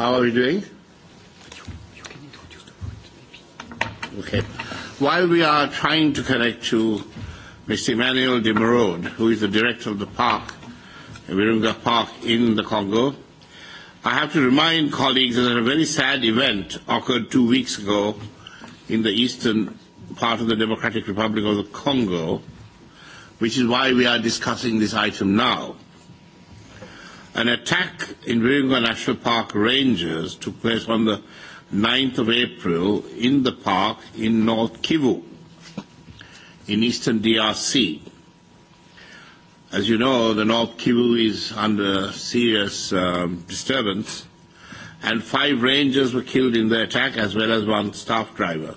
How are we doing? Okay. While we are trying to connect to Mr. Emmanuel de Merode, who is the director of the park, Virunga Park in the Congo, I have to remind colleagues that a very sad event occurred two weeks ago in the eastern part of the Democratic Republic of the Congo, which is why we are discussing this item now. An attack in Virunga National Park rangers took place on the 9th of April in the park in North Kivu, in eastern DRC. As you know, the North Kivu is under serious um, disturbance, and five rangers were killed in the attack, as well as one staff driver.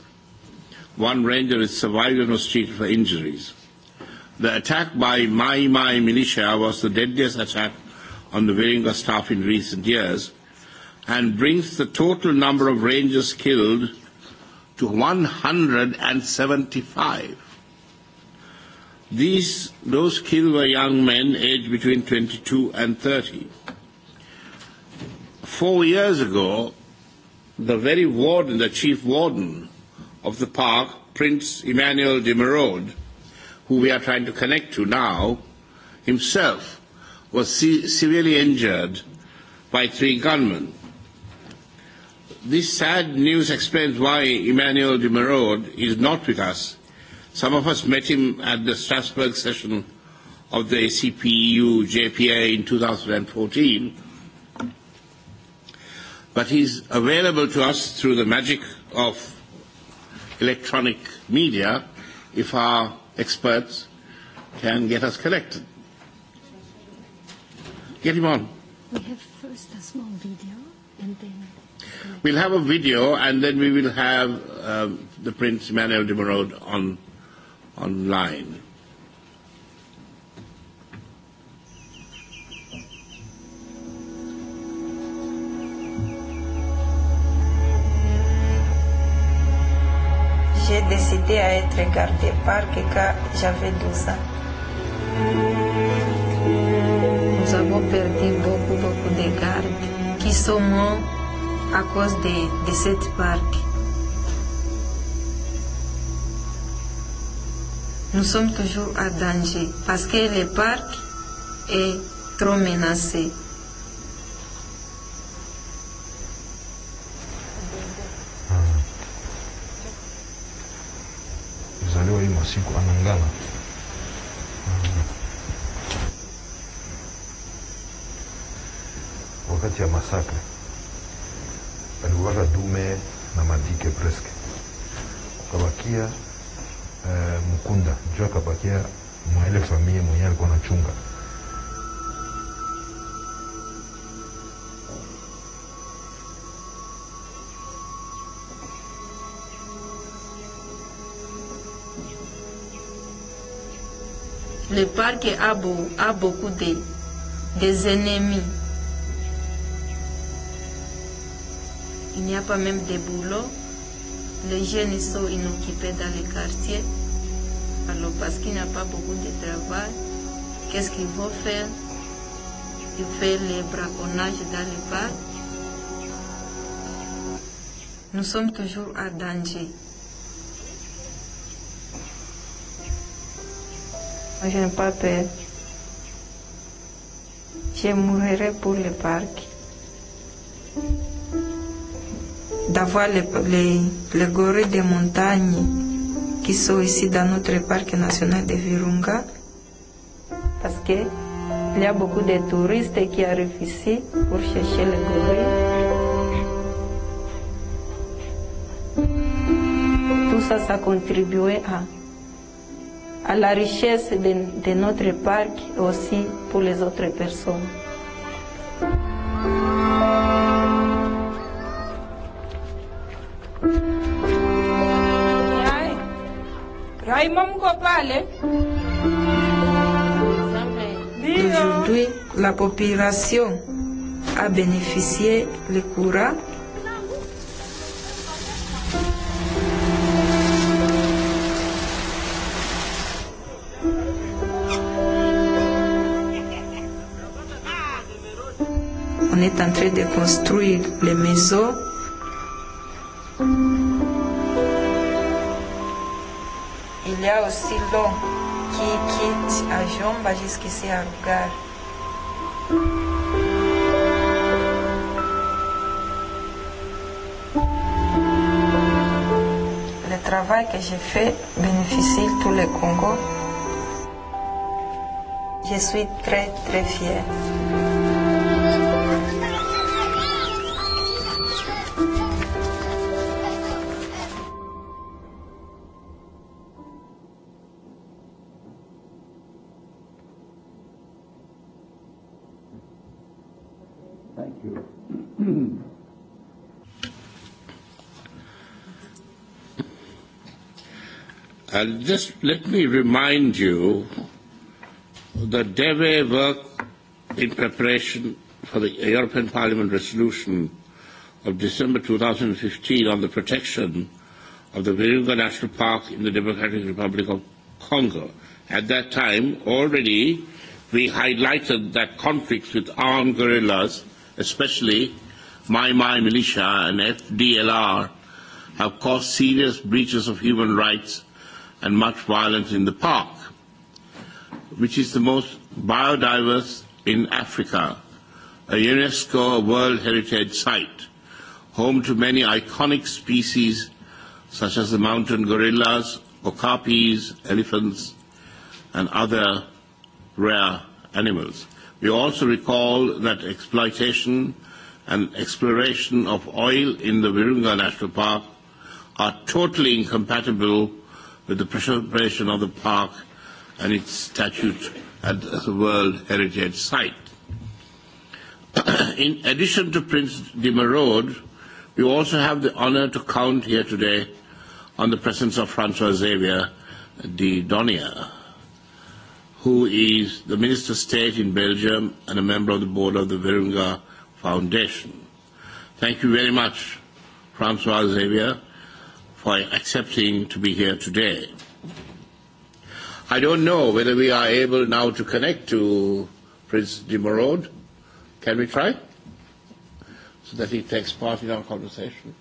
One ranger is survived and was treated for injuries. The attack by Mai Mai militia was the deadliest attack on the Wirringa staff in recent years and brings the total number of rangers killed to 175. These, those killed were young men aged between 22 and 30. Four years ago, the very warden, the chief warden of the park, Prince Emmanuel de Merode, who we are trying to connect to now, himself was severely injured by three gunmen. This sad news explains why Emmanuel de Merode is not with us. Some of us met him at the Strasbourg session of the ACPU e JPA in 2014, but he's available to us through the magic of electronic media if our experts can get us connected. Get him on. We have first a small video and then... We'll have a video and then we will have um, the Prince Manuel de Morode on, online. J'ai décidé à être gardée par Kika, j'avais 12 ans nous avons perdu beaucoup, beaucoup de gardes qui sont morts à cause de, de cette parc. Nous sommes toujours à danger parce que le parc est trop menacé. Zaliwa hii masiku anangana kati masakre. Aliuaga dume na madike preske. Kabakia mukunda, Mkunda, jua kabakia mwaile familia mwenyewe alikuwa anachunga Le parc a, beau, a beaucoup de, des ennemis. Il n'y a pas même des boulots. Les jeunes sont inoccupés dans les quartiers. Alors parce qu'il n'y a pas beaucoup de travail, qu'est-ce qu'ils vont faire Ils font les braconnages dans les parc. Nous sommes toujours à danger. Moi, je n'ai pas peur. Je mourrai pour le parc. d'avoir les, les, les gorées des montagnes qui sont ici dans notre parc national de Virunga, parce qu'il y a beaucoup de touristes qui arrivent ici pour chercher les gorilles. Tout ça, ça contribuait à, à la richesse de, de notre parc aussi pour les autres personnes. mam Aujourd'hui, la population a bénéficié le courant. on est en train de construire les maisons qui quitte à kit jusqu'ici à lugar. Le travail que j'ai fait bénéficie tout le Congo. Je suis très très fière. And just let me remind you the DEVE work in preparation for the European Parliament resolution of December 2015 on the protection of the Virunga National Park in the Democratic Republic of Congo. At that time, already we highlighted that conflicts with armed guerrillas, especially Mai Mai militia and FDLR, have caused serious breaches of human rights and much violence in the park, which is the most biodiverse in Africa, a UNESCO World Heritage Site, home to many iconic species such as the mountain gorillas, okapis, elephants, and other rare animals. We also recall that exploitation and exploration of oil in the Virunga National Park are totally incompatible with the preservation of the park and its statute at the World Heritage Site. In addition to Prince de Merode, we also have the honor to count here today on the presence of Francois Xavier de Donia, who is the Minister of State in Belgium and a member of the board of the Virunga Foundation. Thank you very much, Francois Xavier, for accepting to be here today. I don't know whether we are able now to connect to Prince de Morode. Can we try? So that he takes part in our conversation.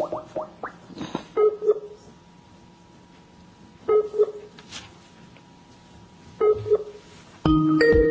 Thank you.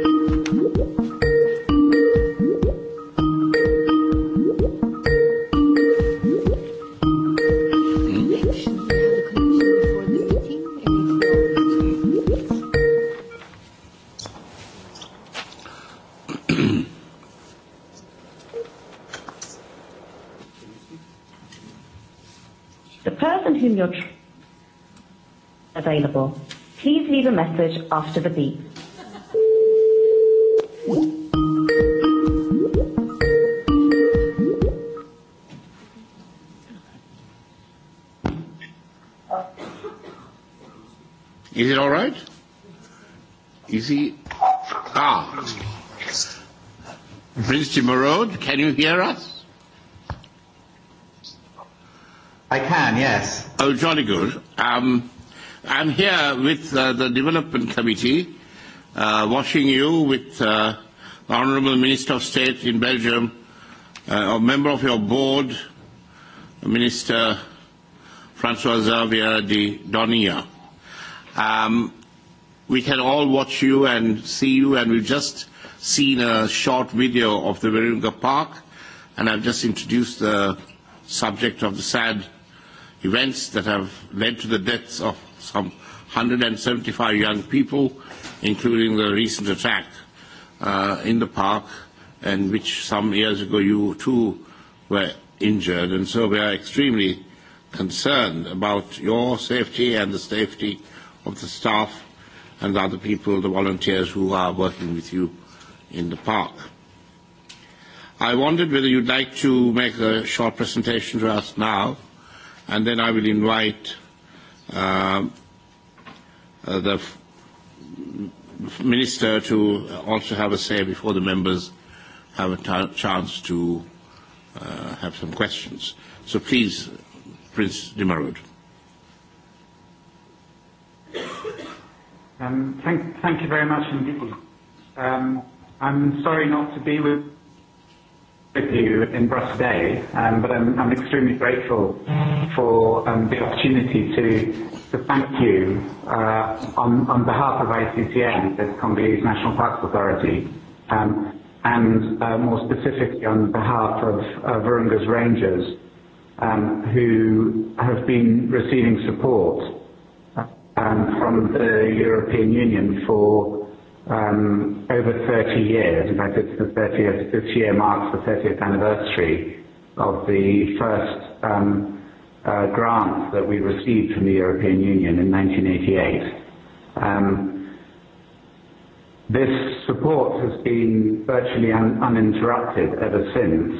message after the beep. Is it all right? Is he? Ah. Prince Timorod, can you hear us? I can, yes. Oh, jolly good. Um, I'm here with uh, the Development Committee, uh, watching you with uh, the Honourable Minister of State in Belgium, uh, a member of your board, Minister Francois Xavier de Donia. Um, we can all watch you and see you, and we've just seen a short video of the Virunga Park, and I've just introduced the subject of the sad events that have led to the deaths of some 175 young people, including the recent attack uh, in the park, and which some years ago you too were injured. And so we are extremely concerned about your safety and the safety of the staff and the other people, the volunteers who are working with you in the park. I wondered whether you'd like to make a short presentation to us now, and then I will invite Uh, uh, the minister to also have a say before the members have a chance to uh, have some questions. So please, Prince Dimarud. Um, thank, thank you very much indeed. Um, I'm sorry not to be with with you in Brussels today, um, but I'm, I'm extremely grateful for um, the opportunity to, to thank you uh, on, on behalf of ICCN, the Congolese National Parks Authority, um, and uh, more specifically on behalf of uh, Virunga's Rangers, um, who have been receiving support um, from the European Union for um, over 30 years. In fact, it's the 30th, this year marks the 30th anniversary of the first um, uh, grant that we received from the European Union in 1988. Um, this support has been virtually un uninterrupted ever since,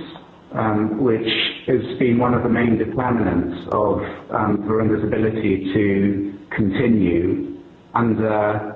um, which has been one of the main determinants of um, Burundi's ability to continue under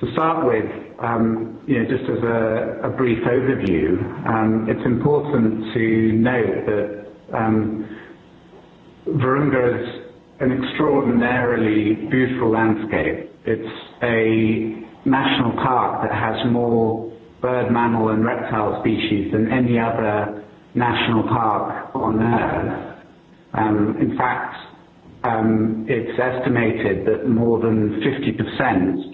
To start with, um, you know, just as a, a brief overview, um, it's important to note that um, Virunga is an extraordinarily beautiful landscape. It's a national park that has more bird, mammal and reptile species than any other national park on Earth. Um, in fact, um, it's estimated that more than 50%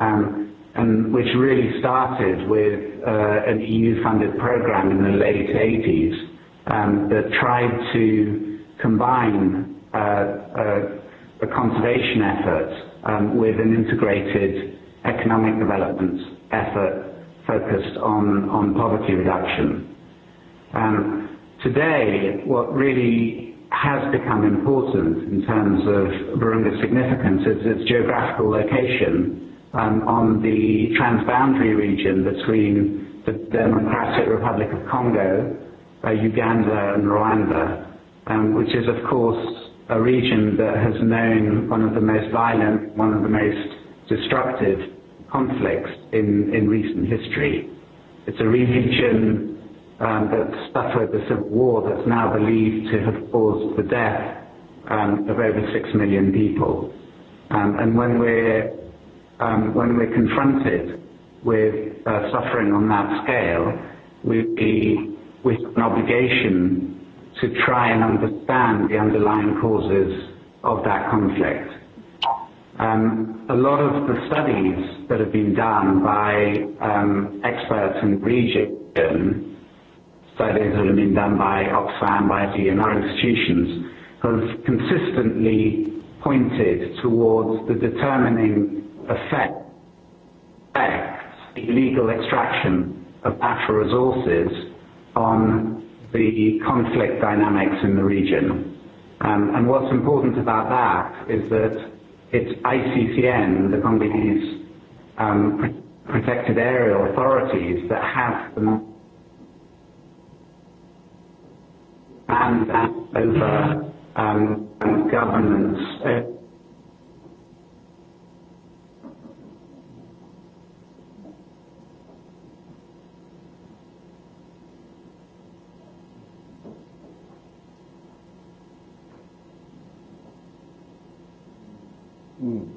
um, and which really started with uh, an EU-funded program in the late 80s um, that tried to combine uh, uh, a conservation effort um, with an integrated economic development effort focused on, on poverty reduction. Um, today, what really has become important in terms of Burunga's significance is its geographical location um, on the transboundary region between the Democratic Republic of Congo, uh, Uganda and Rwanda, um, which is of course a region that has known one of the most violent, one of the most destructive conflicts in, in recent history. It's a region um, that suffered the civil war that's now believed to have caused the death um, of over six million people. Um, and when we're um, when we're confronted with uh, suffering on that scale, we, we have an obligation to try and understand the underlying causes of that conflict. Um, a lot of the studies that have been done by um, experts in the region, studies that have been done by Oxfam, by the and institutions, have consistently pointed towards the determining affect, the illegal extraction of natural resources on the conflict dynamics in the region. Um, and what's important about that is that it's ICCN, the Congolese um, protected area authorities, that have the and over um, governance. Uh, Mm.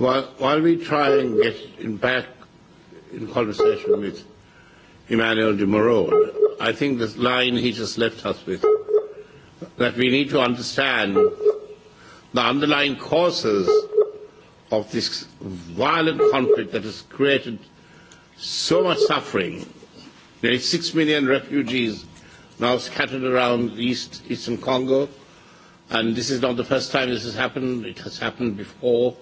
While, while we try and get in back in conversation with Emmanuel de Moreau, I think this line he just left us with, that we need to understand the underlying causes of this violent conflict that has created so much suffering. Nearly six million refugees now scattered around East, Eastern Congo. And this is not the first time this has happened. It has happened before.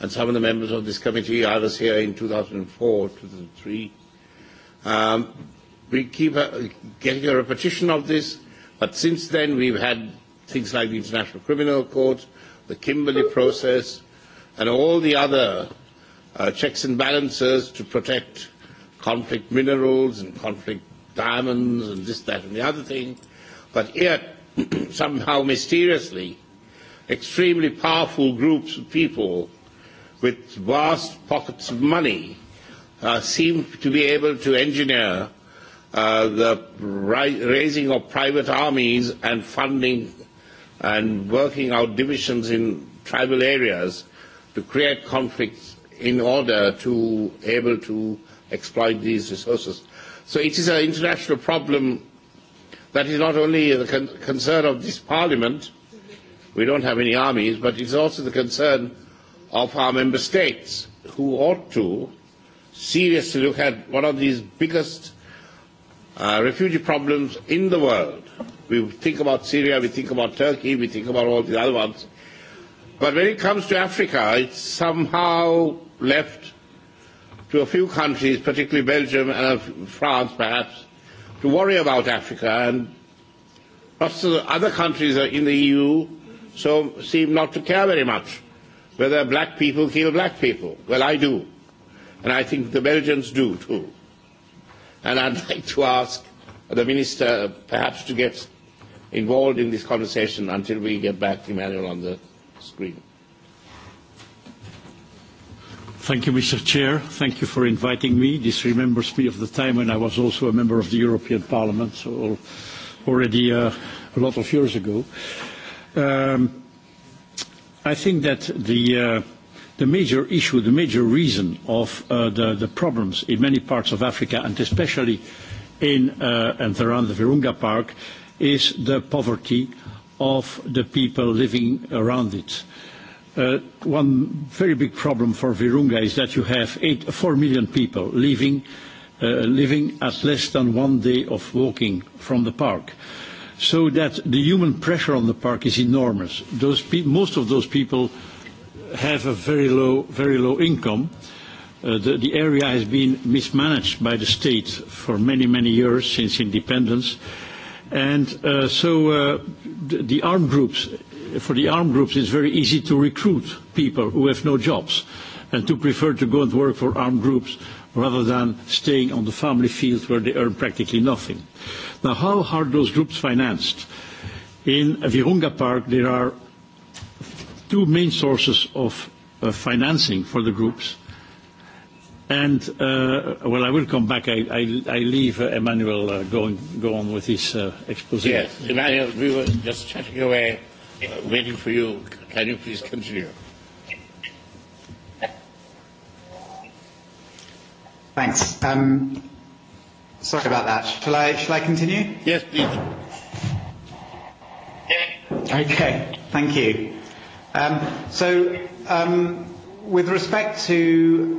And some of the members of this committee, I was here in 2004, 2003. Um, we keep a, uh, getting a repetition of this. But since then, we've had things like the International Criminal Court, the Kimberley process, and all the other uh, checks and balances to protect conflict minerals and conflict diamonds and this, that, and the other thing. But yet, somehow mysteriously, extremely powerful groups of people with vast pockets of money uh, seem to be able to engineer uh, the ri raising of private armies and funding and working out divisions in tribal areas to create conflicts in order to able to exploit these resources. So it is an international problem that is not only the con concern of this parliament, we don't have any armies, but it's also the concern of our member states who ought to seriously look at one of these biggest uh, refugee problems in the world. We think about Syria, we think about Turkey, we think about all the other ones, But when it comes to Africa, it's somehow left to a few countries, particularly Belgium and uh, France perhaps, to worry about Africa. And lots of other countries in the EU so seem not to care very much whether black people kill black people. Well, I do. And I think the Belgians do too. And I'd like to ask the Minister perhaps to get involved in this conversation until we get back, to Emmanuel, on the screen. Thank you, Mr. Chair. Thank you for inviting me. This remembers me of the time when I was also a member of the European Parliament, so already uh, a lot of years ago. Um, I think that the, uh, the major issue, the major reason of uh, the, the problems in many parts of Africa, and especially in uh, and around the Virunga Park, is the poverty of the people living around it. Uh, one very big problem for Virunga is that you have eight, four million people living, uh, living at less than one day of walking from the park. So that the human pressure on the park is enormous. Those pe most of those people have a very low, very low income. Uh, the, the area has been mismanaged by the state for many, many years since independence. Uh, And uh, so uh, the armed groups, for the armed groups, it's very easy to recruit people who have no jobs and to prefer to go and work for armed groups rather than staying on the family field where they earn practically nothing. Now, how are those groups financed? In Virunga Park, there are two main sources of uh, financing for the groups. And, uh, well, I will come back. I, I, I leave uh, Emmanuel uh, going, go on with his uh, exposition. Yes, Emmanuel, we were just chatting away, uh, waiting for you. Can you please continue? Thanks. Um, sorry about that. Shall I, shall I continue? Yes, please. Okay, thank you. Um, so, um, with respect to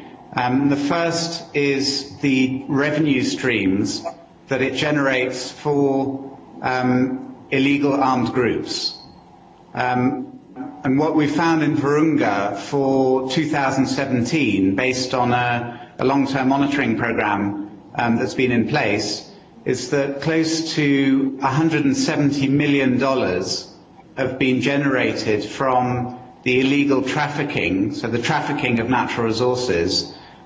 Um, the first is the revenue streams that it generates for um, illegal armed groups. Um, and what we found in Virunga for 2017, based on a, a long-term monitoring program um, that's been in place, is that close to $170 million have been generated from the illegal trafficking, so the trafficking of natural resources,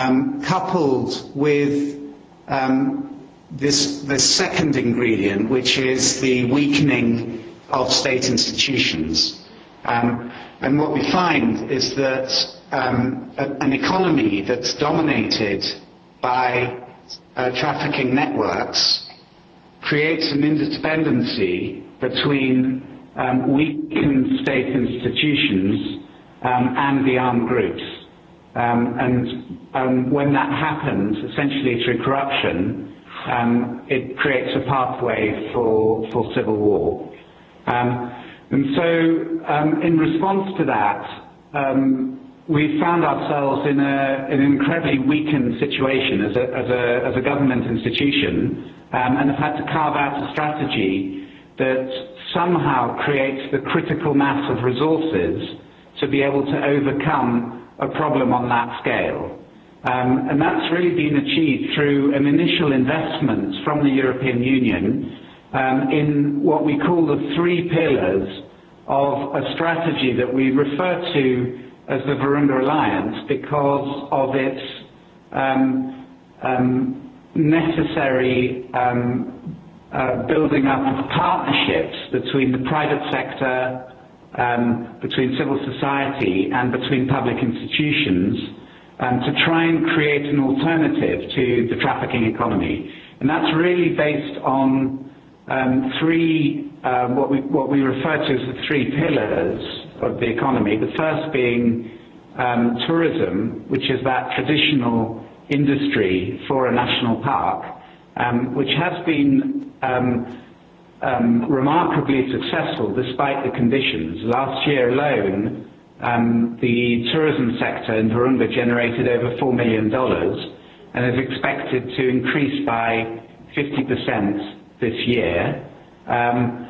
um, coupled with um, this, this second ingredient, which is the weakening of state institutions. Um, and what we find is that um, a, an economy that's dominated by uh, trafficking networks creates an interdependency between um, weakened state institutions um, and the armed groups. Um, and um, when that happens, essentially through corruption, um, it creates a pathway for, for civil war. Um, and so um, in response to that, um, we found ourselves in, a, in an incredibly weakened situation as a, as a, as a government institution um, and have had to carve out a strategy that somehow creates the critical mass of resources to be able to overcome a problem on that scale. Um, and that's really been achieved through an initial investment from the European Union um, in what we call the three pillars of a strategy that we refer to as the Virunga Alliance because of its um, um, necessary um, uh, building up of partnerships between the private sector, um, between civil society and between public institutions um, to try and create an alternative to the trafficking economy. And that's really based on um, three, um, what, we, what we refer to as the three pillars of the economy. The first being um, tourism, which is that traditional industry for a national park, um, which has been um, um, remarkably successful despite the conditions. Last year alone, um, the tourism sector in Virunga generated over $4 million and is expected to increase by 50% this year. Um,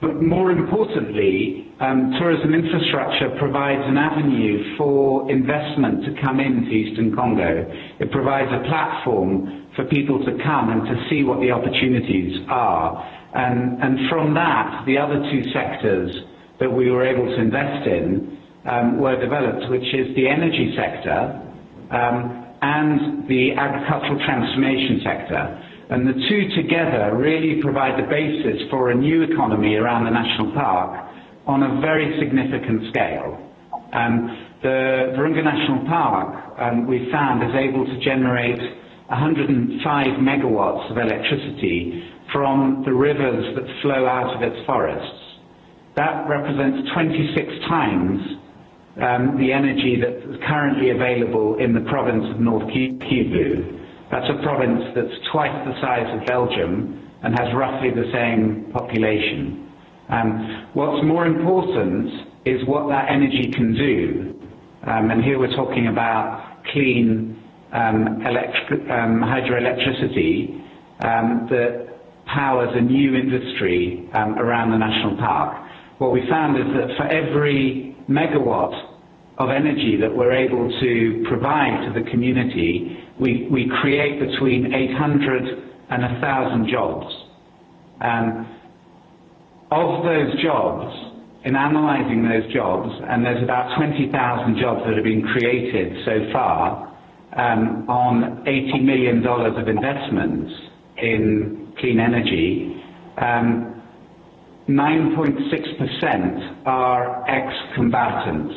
but more importantly, um, tourism infrastructure provides an avenue for investment to come into Eastern Congo. It provides a platform for people to come and to see what the opportunities are And, and from that, the other two sectors that we were able to invest in um, were developed, which is the energy sector um, and the agricultural transformation sector. And the two together really provide the basis for a new economy around the national park on a very significant scale. Um, the Virunga National Park, um, we found, is able to generate 105 megawatts of electricity from the rivers that flow out of its forests. That represents 26 times um, the energy that is currently available in the province of North Kivu. That's a province that's twice the size of Belgium and has roughly the same population. Um, what's more important is what that energy can do. Um, and here we're talking about clean um, electric, um, hydroelectricity um, that powers a new industry um, around the national park. What we found is that for every megawatt of energy that we're able to provide to the community, we, we create between 800 and 1,000 jobs. Um, of those jobs, in analysing those jobs, and there's about 20,000 jobs that have been created so far um, on $80 million of investments in clean energy, um, 9.6% are ex-combatants.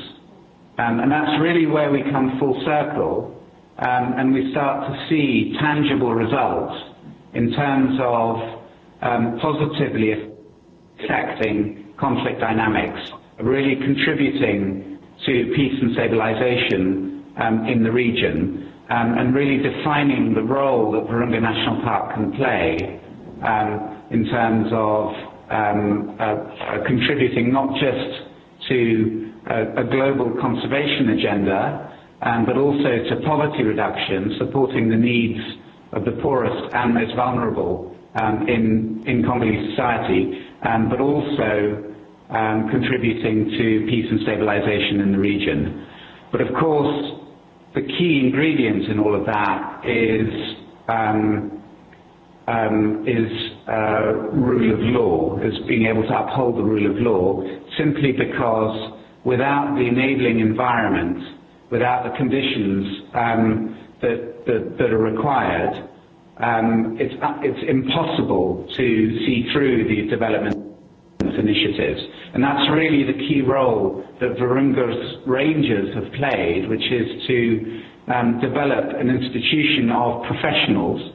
Um, and that's really where we come full circle um, and we start to see tangible results in terms of um, positively affecting conflict dynamics, really contributing to peace and stabilization um, in the region um, and really defining the role that Virunga National Park can play um, in terms of um, uh, uh, contributing not just to a, uh, a global conservation agenda, um, but also to poverty reduction, supporting the needs of the poorest and most vulnerable um, in, in Congolese society, um, but also um, contributing to peace and stabilization in the region. But of course, the key ingredient in all of that is um, um, is uh, rule of law, is being able to uphold the rule of law, simply because without the enabling environment, without the conditions um, that, that, that are required, um, it's, uh, it's impossible to see through the development initiatives. And that's really the key role that Virunga's Rangers have played, which is to um, develop an institution of professionals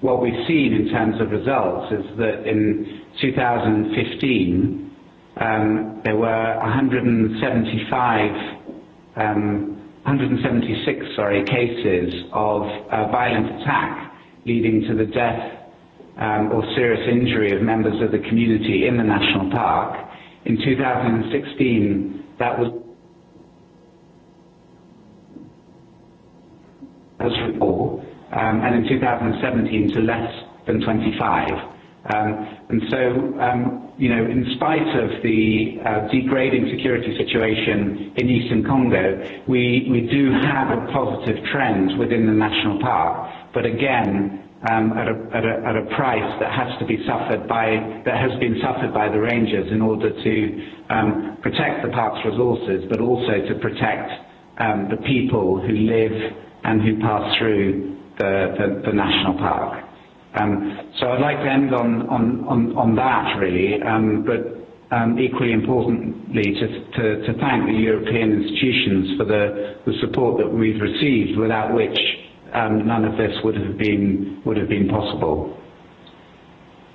what we've seen in terms of results is that in 2015 um, there were 175, um, 176 sorry, cases of uh, violent attack leading to the death um, or serious injury of members of the community in the national park. In 2016 that was as recall um, and in 2017 to less than 25. Um, and so, um, you know, in spite of the uh, degrading security situation in eastern Congo, we, we do have a positive trend within the national park, but again, um, at, a, at, a, at a price that has to be suffered by, that has been suffered by the rangers in order to um, protect the park's resources, but also to protect um, the people who live and who pass through the, the, the national park. Um, so I'd like to end on, on, on, on that really, um, but um, equally importantly to, to, to thank the European institutions for the, the support that we've received without which um, none of this would have been, would have been possible.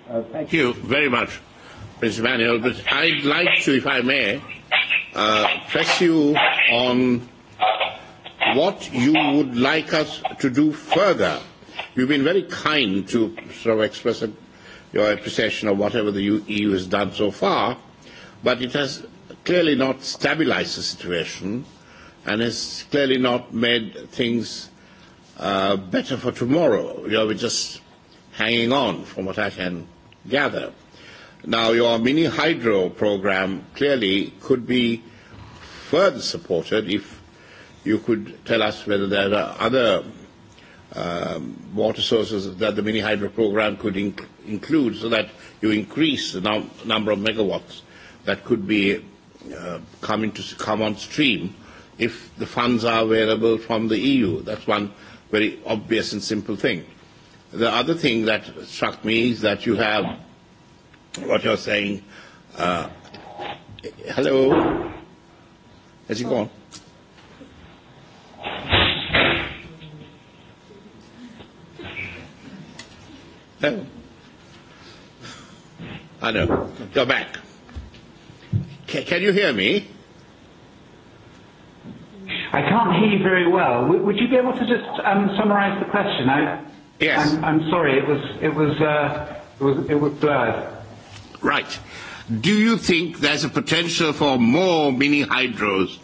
Uh, thank you very much, Mr. Manuel, but I'd like to, if I may, uh, press you on what you would like us to do further. You've been very kind to sort of express a, your appreciation of whatever the EU e has done so far, but it has clearly not stabilized the situation and has clearly not made things uh, better for tomorrow. You know, we're just hanging on from what I can gather. Now, your mini hydro program clearly could be further supported if you could tell us whether there are other um, water sources that the mini hydro program could inc include so that you increase the num number of megawatts that could be uh, coming to come on stream if the funds are available from the EU. That's one very obvious and simple thing. The other thing that struck me is that you have what you're saying. Uh, hello? Has he gone? I know. Go back. C can you hear me? I can't hear you very well. W would you be able to just um, summarise the question? I, yes. I'm, I'm sorry. It was it was, uh, it was it was blurred. Right. Do you think there's a potential for more mini hydros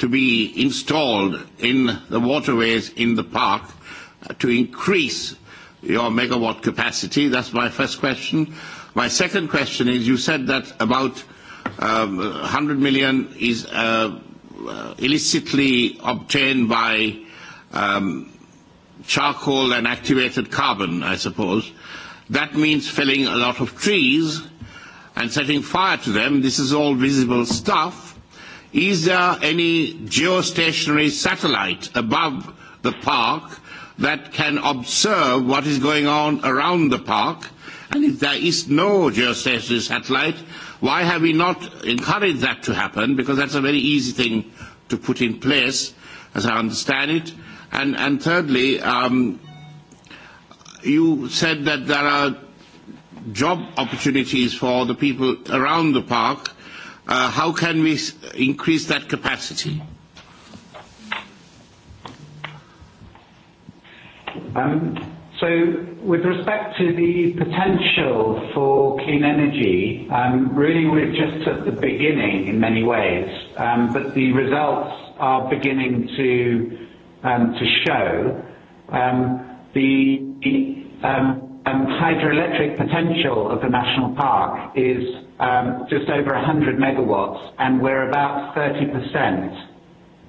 to be installed in the waterways in the park to increase your megawatt capacity? That's my first question. My second question is, you said that about um, 100 million is uh, uh, illicitly obtained by um, charcoal and activated carbon, I suppose. That means felling a lot of trees and setting fire to them. This is all visible stuff. Is there any geostationary satellite above the park that can observe what is going on around the park. And if there is no geostationary satellite, why have we not encouraged that to happen? Because that's a very easy thing to put in place, as I understand it. And, and thirdly, um, you said that there are job opportunities for the people around the park. Uh, how can we increase that capacity? Mm-hmm. Um, so with respect to the potential for clean energy, um, really we're just at the beginning in many ways, um, but the results are beginning to um, to show. Um, the um, um, hydroelectric potential of the national park is um, just over 100 megawatts, and we're about 30%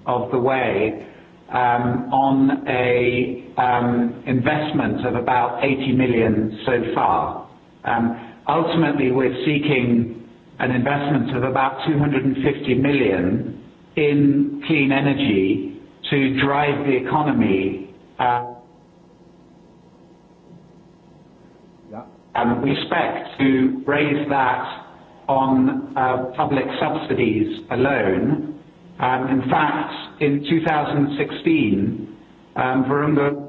of the way um, on a um, investment of about 80 million so far. Um, ultimately, we're seeking an investment of about 250 million in clean energy to drive the economy. Uh, yeah. we expect to raise that on uh, public subsidies alone Um, in fact, in 2016, um, Virunga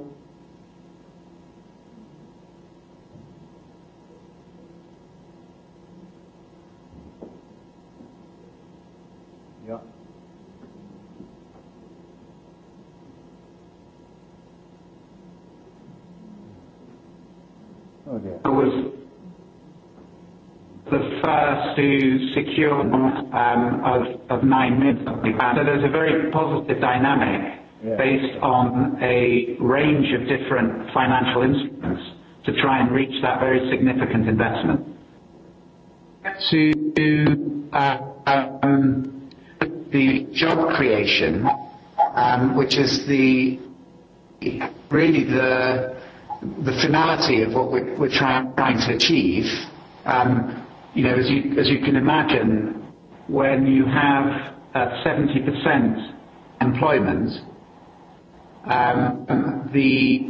Oh, dear. was The first to secure um, of, of nine minutes. And so there's a very positive dynamic yeah. based on a range of different financial instruments to try and reach that very significant investment. To uh, um, the job creation, um, which is the really the the finality of what we're, we're try, trying to achieve. Um, you know, as you, as you can imagine, when you have uh, 70% employment, um, the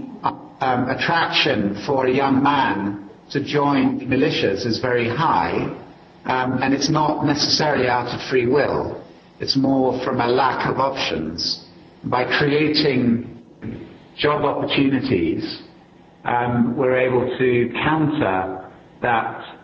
um, attraction for a young man to join militias is very high, um, and it's not necessarily out of free will. It's more from a lack of options. By creating job opportunities, um, we're able to counter that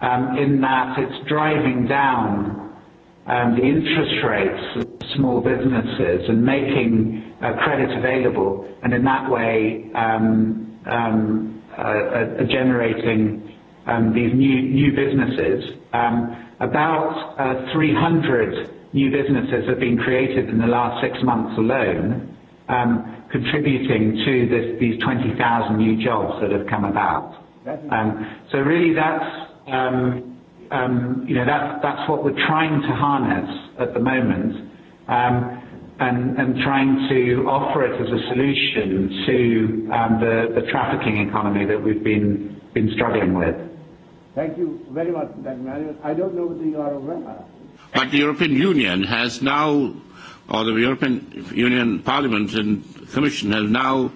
um, in that it's driving down um, the interest rates of small businesses and making uh, credit available, and in that way um, um, uh, uh, generating um, these new, new businesses. Um, about uh, 300 new businesses have been created in the last six months alone, um, contributing to this, these 20,000 new jobs that have come about. Um, so really that's um, um, you know, that that's what we're trying to harness at the moment um, and, and trying to offer it as a solution to um, the, the trafficking economy that we've been, been struggling with. Thank you very much, Dr. Manuel. I don't know whether you are aware. But the European Union has now, or the European Union Parliament and Commission have now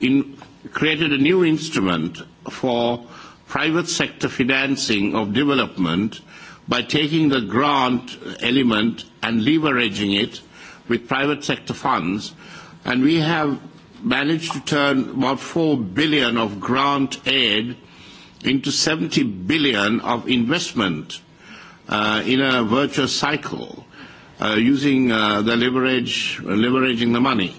in, created a new instrument for private sector financing of development by taking the grant element and leveraging it with private sector funds. And we have managed to turn about 4 billion of grant aid into 70 billion of investment uh, in a virtuous cycle uh, using uh, the leverage, leveraging the money.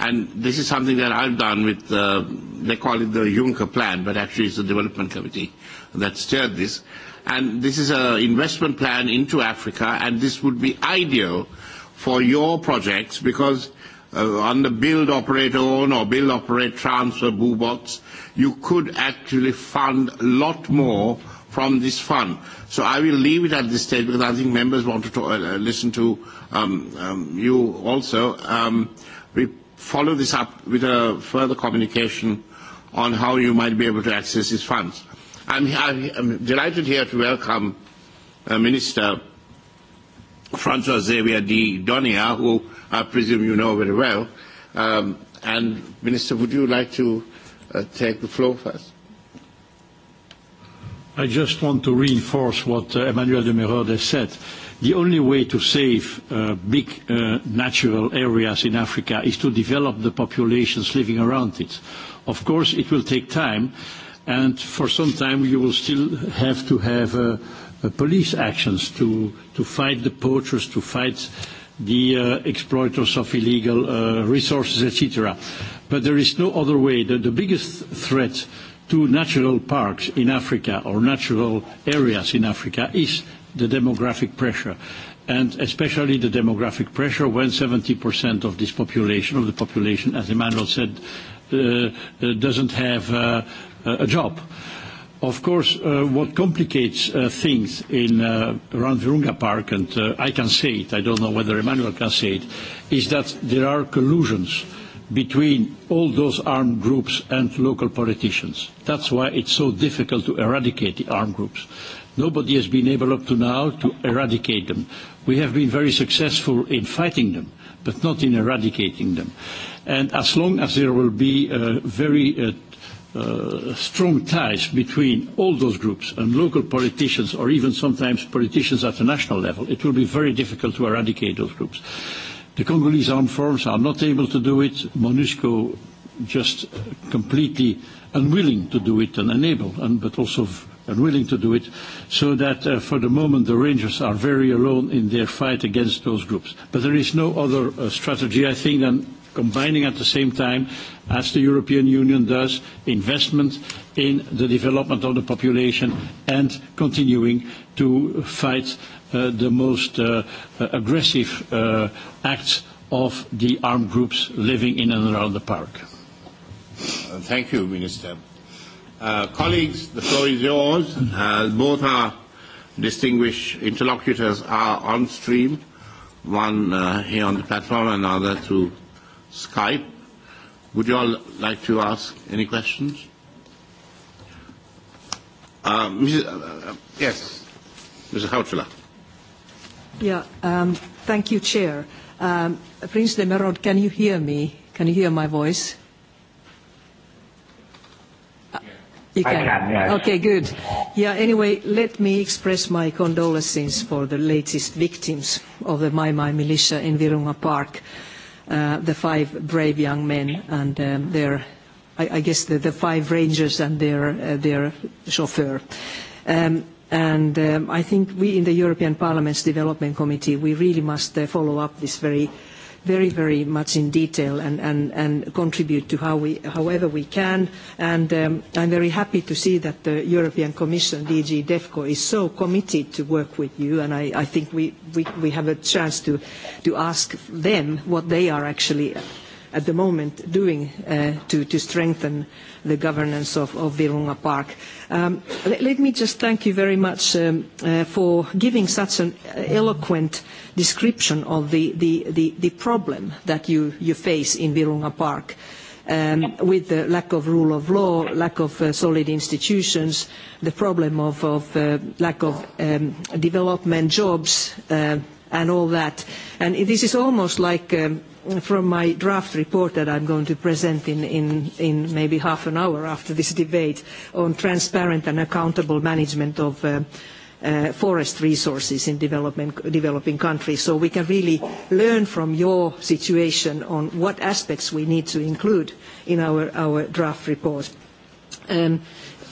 And this is something that I've done with, uh, they call it the Juncker Plan, but actually it's the Development Committee that steered this. And this is an investment plan into Africa, and this would be ideal for your projects because uh, on the build, operate, own or build, operate, transfer, Boo Box, you could actually fund a lot more from this fund. So I will leave it at this stage because I think members want to talk, uh, listen to um, um, you also. Um, we follow this up with a further communication on how you might be able to access these funds. I'm, I'm delighted here to welcome uh, Minister Francois Xavier de Donia, who I presume you know very well. Um, and Minister, would you like to uh, take the floor first? I just want to reinforce what uh, Emmanuel de Merode said. Uh, the only way to save uh, big uh, natural areas in Africa is to develop the populations living around it. Of course, it will take time, and for some time you will still have to have uh, uh, police actions to, to fight the poachers, to fight the uh, exploiters of illegal uh, resources, etc. But there is no other way. The, the biggest threat to natural parks in Africa or natural areas in Africa is the demographic pressure and especially the demographic pressure when 70% of this population, of the population, as Emmanuel said, uh, uh doesn't have uh, a job. Of course, uh, what complicates uh, things in uh, around Virunga Park, and uh, I can say it, I don't know whether Emmanuel can say it, is that there are collusions between all those armed groups and local politicians. That's why it's so difficult to eradicate the armed groups. Nobody has been able up to now to eradicate them. We have been very successful in fighting them, but not in eradicating them. And as long as there will be uh, very uh, uh, strong ties between all those groups and local politicians, or even sometimes politicians at the national level, it will be very difficult to eradicate those groups. The Congolese armed forces are not able to do it. MONUSCO just completely unwilling to do it and unable, and, but also and willing to do it, so that uh, for the moment the Rangers are very alone in their fight against those groups. But there is no other uh, strategy, I think, than combining at the same time, as the European Union does, investment in the development of the population and continuing to fight uh, the most uh, uh aggressive uh, acts of the armed groups living in and around the park. Uh, thank you, Minister. Uh, colleagues, the floor is yours. Uh, both our distinguished interlocutors are on stream, one uh, here on the platform, and another through Skype. Would you all like to ask any questions? Uh, Mrs., uh, uh, yes, Mr. Hautula. Yeah, um, thank you, Chair. Um, Prince Demerod, can you hear me? Can you hear my voice? You can. I can, yes. Okay, good. Yeah, anyway, let me express my condolences for the latest victims of the Mai Mai militia in Virunga Park, uh, the five brave young men and um, their, I, I guess, the, the five rangers and their, uh, their chauffeur. Um, and um, I think we in the European Parliament's Development Committee, we really must uh, follow up this very very, very much in detail and, and, and contribute to how we, however we can. And um, I'm very happy to see that the European Commission, DG DEFCO, is so committed to work with you. And I, I think we, we, we have a chance to, to ask them what they are actually at the moment doing uh, to, to strengthen the governance of, of Virunga Park. Um, let, let me just thank you very much um, uh, for giving such an eloquent description of the, the, the, the problem that you, you face in Virunga Park. Um, with the lack of rule of law, lack of uh, solid institutions, the problem of, of uh, lack of um, development jobs, uh, and all that. And this is almost like um, from my draft report that I'm going to present in, in, in maybe half an hour after this debate on transparent and accountable management of uh, uh, forest resources in developing countries. So we can really learn from your situation on what aspects we need to include in our, our draft report. Um,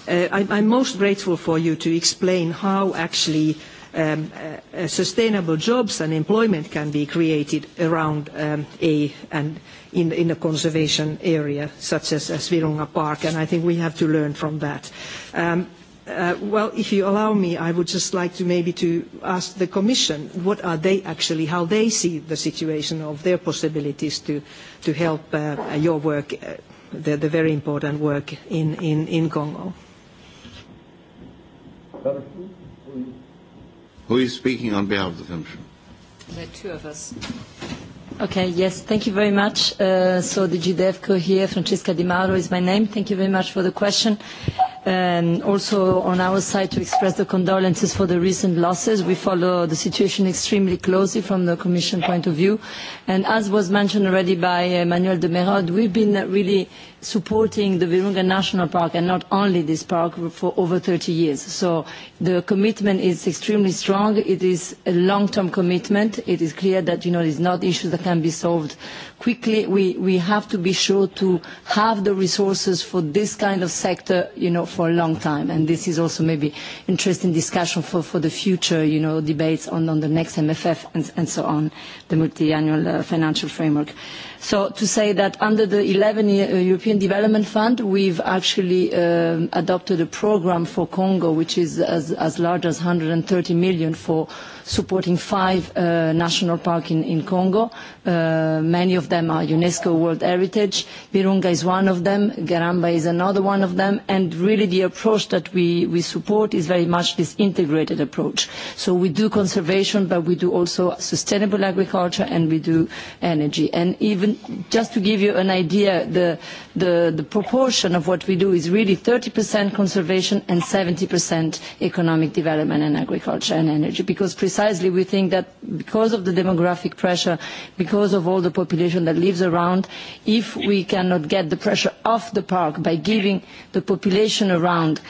uh, I, I'm most grateful for you to explain how actually uh, um, uh, sustainable jobs and employment can be created around um, a and in, in a conservation area such as, as Virunga Park and I think we have to learn from that. Um, uh, well, if you allow me, I would just like to maybe to ask the Commission what are they actually, how they see the situation of their possibilities to, to help uh, your work, uh, the, the very important work in, in, in Congo. Who is speaking on behalf of the Commission? There are two of us. Okay, yes, thank you very much. Uh, so the GDEFCO here, Francesca Di Mauro is my name. Thank you very much for the question. Um, also on our side to express the condolences for the recent losses. We follow the situation extremely closely from the Commission point of view. And as was mentioned already by Manuel de Merod, we've been really supporting the Virunga National Park and not only this park for over 30 years. So the commitment is extremely strong. It is a long-term commitment. It is clear that, you know, it's not issues that can be solved quickly. We, we have to be sure to have the resources for this kind of sector, you know, for a long time. And this is also maybe interesting discussion for, for the future, you know, debates on, on the next MFF and, and so on, the multi-annual uh, financial framework. So to say that under the 11 uh, European Development Fund, we've actually um, adopted a program for Congo, which is as, as large as 130 million for supporting five uh, national parks in, in Congo. Uh, many of them are UNESCO World Heritage. Virunga is one of them. Garamba is another one of them. And really the approach that we, we support is very much this integrated approach. So we do conservation, but we do also sustainable agriculture and we do energy. And even just to give you an idea, the, the, the proportion of what we do is really 30% conservation and 70% economic development and agriculture and energy because precisely precisely we think that because of the demographic pressure, because of all the population that lives around, if we cannot get the pressure off the park by giving the population around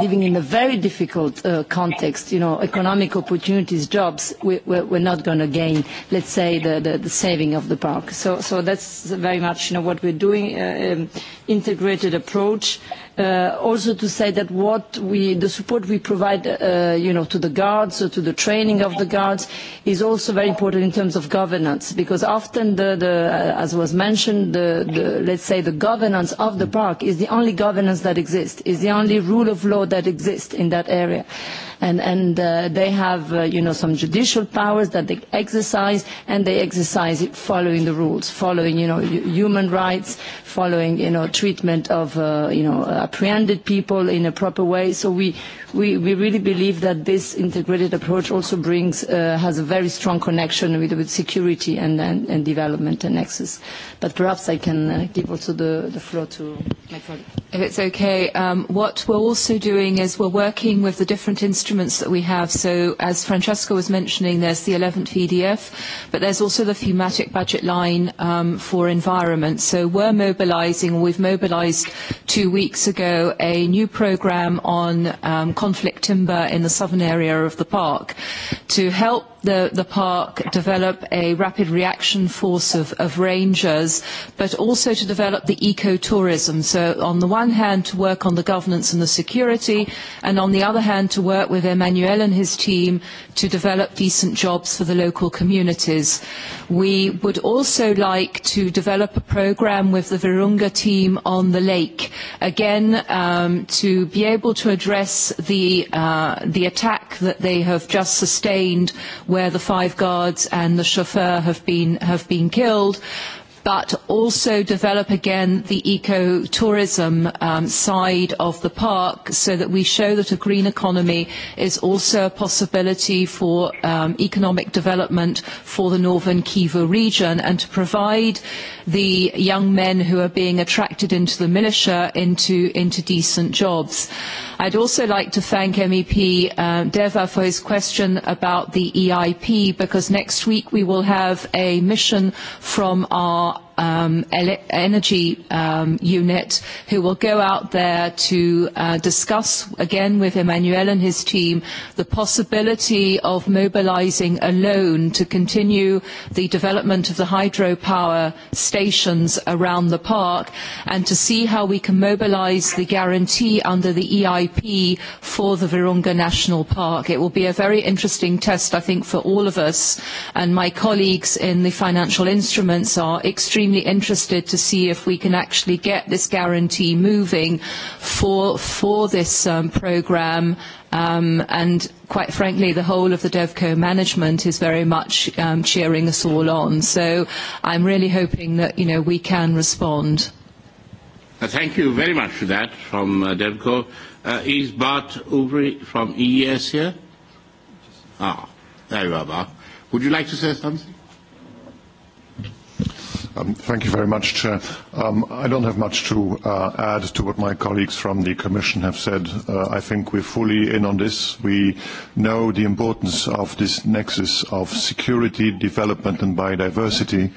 living in a very difficult uh, context, you know, economic opportunities, jobs, we, we're, we're not going to gain, let's say, the, the, the saving of the park. So, so that's very much you know, what we're doing, uh, um, integrated approach. Uh, also to say that what we, the support we provide uh, you know, to the guards or to the training of the guards is also very important in terms of governance because often the, the uh, as was mentioned the, the, let's say the governance of the park is the only governance that exists is the only rule of law that exists in that area and, and uh, they have uh, you know, some judicial powers that they exercise and they exercise it following the rules following you know, human rights following you know, treatment of uh, you know, apprehended people in a proper way. So we, we, we really believe that this integrated approach also brings, uh, has a very strong connection with, with security and, and, and development and access. But perhaps I can uh, give also the, the floor to my colleague. If it's okay, um, what we're also doing is we're working with the different instruments that we have. So as Francesca was mentioning, there's the 11th EDF, but there's also the thematic budget line um, for environment. So we're mobilizing, we've mobilized two weeks ago ago a new programme on um, conflict timber in the southern area of the park to help the, the park, develop a rapid reaction force of, of rangers, but also to develop the ecotourism. So on the one hand, to work on the governance and the security, and on the other hand, to work with Emmanuel and his team to develop decent jobs for the local communities. We would also like to develop a program with the Virunga team on the lake, again, um, to be able to address the, uh, the attack that they have just sustained where the five guards and the chauffeur have been, have been killed but also develop again the eco-tourism um, side of the park so that we show that a green economy is also a possibility for um, economic development for the northern Kivu region and to provide the young men who are being attracted into the militia into, into decent jobs. I'd also like to thank MEP uh, Deva for his question about the EIP because next week we will have a mission from our um, energy um, unit who will go out there to uh, discuss again with Emmanuel and his team the possibility of mobilizing a loan to continue the development of the hydropower stations around the park and to see how we can mobilize the guarantee under the EIP for the Virunga National Park. It will be a very interesting test, I think, for all of us and my colleagues in the financial instruments are extremely extremely interested to see if we can actually get this guarantee moving for, for this um, program. um, and quite frankly, the whole of the DevCo management is very much um, cheering us all on. So I'm really hoping that, you know, we can respond. Uh, thank you very much for that from uh, DevCo. Uh, is Bart Ubri from EES here? Ah, there you are, Bart. Would you like to say something? Um, thank you very much, Chair. Um, I don't have much to uh, add to what my colleagues from the Commission have said. Uh, I think we're fully in on this. We know the importance of this nexus of security, development and biodiversity.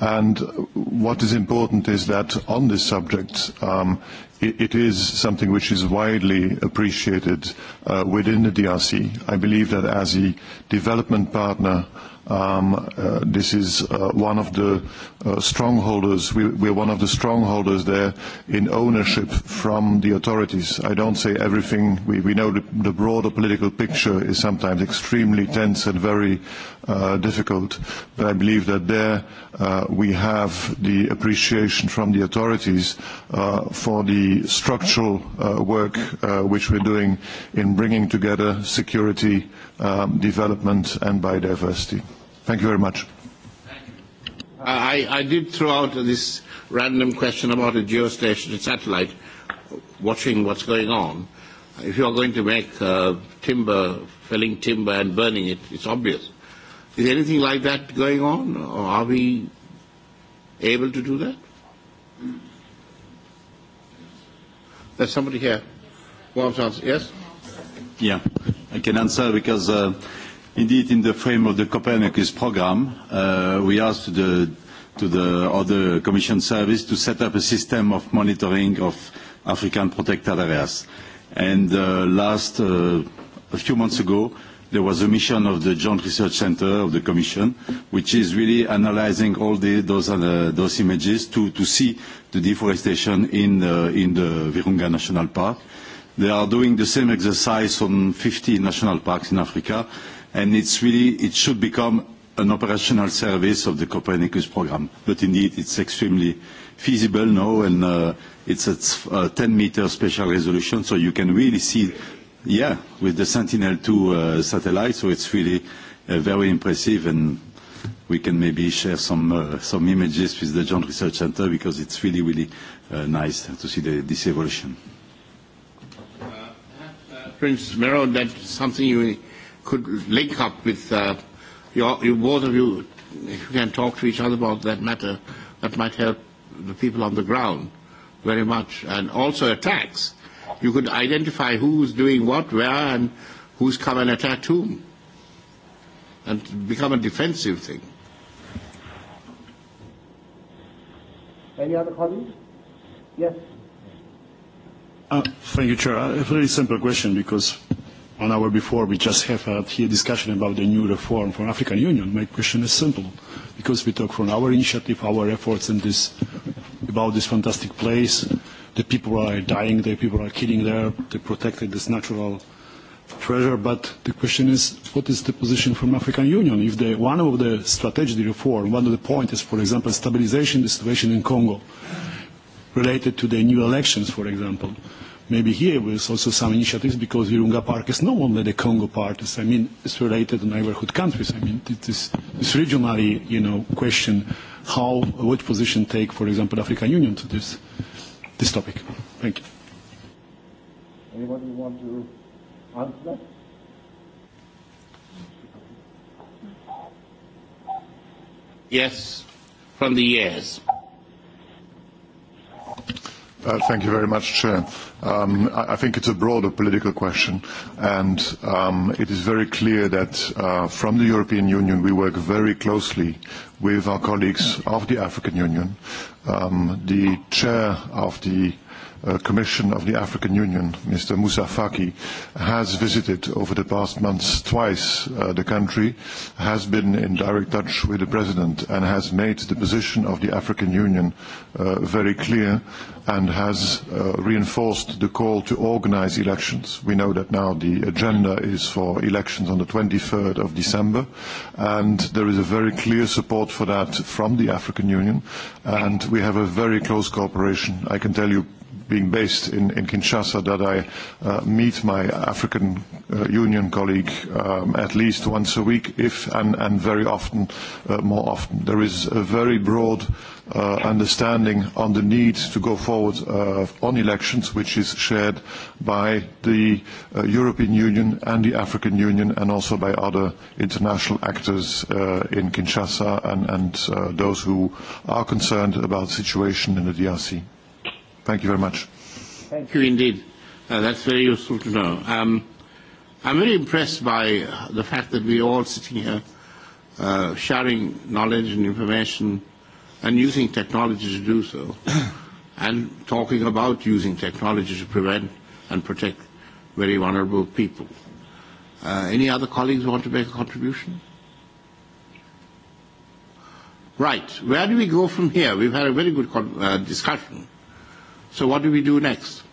And what is important is that on this subject, um, it, is something which is widely appreciated uh, within the DRC. I believe that as a development partner, Um, uh, this is uh, one of the uh, strongholders. We, we're one of the strongholders there in ownership from the authorities. I don't say everything. We, we know the, the broader political picture is sometimes extremely tense and very uh, difficult, but I believe that there uh, we have the appreciation from the authorities uh, for the structural uh, work uh, which we're doing in bringing together security, um, development and biodiversity. Thank you very much. You. I, I did throw out this random question about a geostationary satellite watching what's going on. If you are going to make uh, timber, felling timber and burning it, it's obvious. Is anything like that going on, or are we able to do that? There's somebody here. Yes. Yes? Yeah, I can answer because uh, indeed in the frame of the Copernicus program, uh, we asked the, to the other Commission service to set up a system of monitoring of African protected areas. And uh, last, uh, a few months ago, there was a mission of the Joint Research Center of the Commission, which is really analyzing all the, those, uh, those images to, to see the deforestation in, uh, in the Virunga National Park. They are doing the same exercise on 50 national parks in Africa, and it's really, it should become an operational service of the Copernicus program. But indeed, it's extremely feasible now, and uh, it's at uh, 10 meter special resolution, so you can really see, yeah, with the Sentinel-2 uh, satellite, so it's really uh, very impressive, and we can maybe share some, uh, some images with the Joint Research Center, because it's really, really uh, nice to see the, this evolution. Prince Miro, that's something you could link up with uh, your, you, both of you, if you can talk to each other about that matter, that might help the people on the ground very much. And also attacks. You could identify who's doing what, where, and who's come and attacked whom. And become a defensive thing. Any other colleagues? Yes. Ah, thank you, Chair. A very simple question because one hour before we just have a here discussion about the new reform from African Union. My question is simple because we talk from our initiative, our efforts in this, about this fantastic place. The people are dying there, people are killing there, they protected this natural treasure. But the question is, what is the position from African Union? If the, one of the strategic reform, one of the points is, for example, stabilization the situation in Congo related to the new elections, for example. Maybe here with also some initiatives because Virunga Park is not only the Congo part, I mean, it's related to neighborhood countries. I mean, it is, it's regionally, you know, question how, what position take, for example, African Union to this, this topic. Thank you. Anybody want to answer that? Yes, from the years. Uh, thank you very much, Chair. Um, I, I think it's a broader political question, and um, it is very clear that uh, from the European Union we work very closely with our colleagues of the African Union. Um, the chair of the uh, Commission of the African Union, Mr. Moussa Faki, has visited over the past months twice uh, the country, has been in direct touch with the President and has made the position of the African Union uh, very clear and has uh, reinforced the call to organize elections. We know that now the agenda is for elections on the 23rd of December and there is a very clear support for that from the African Union, and we have a very close cooperation. I can tell you being based in, in Kinshasa that I uh, meet my African uh, Union colleague um, at least once a week, if and, and very often, uh, more often. There is a very broad uh, understanding on the need to go forward uh, on elections, which is shared by the uh, European Union and the African Union and also by other international actors uh, in Kinshasa and, and uh, those who are concerned about the situation in the DRC. Thank you very much. Thank you indeed. Uh, that's very useful to know. Um, I'm very impressed by uh, the fact that we're all sitting here uh, sharing knowledge and information and using technology to do so and talking about using technology to prevent and protect very vulnerable people. Uh, any other colleagues want to make a contribution? Right. Where do we go from here? We've had a very good con uh, discussion. So what do we do next?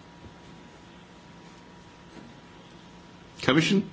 Commission?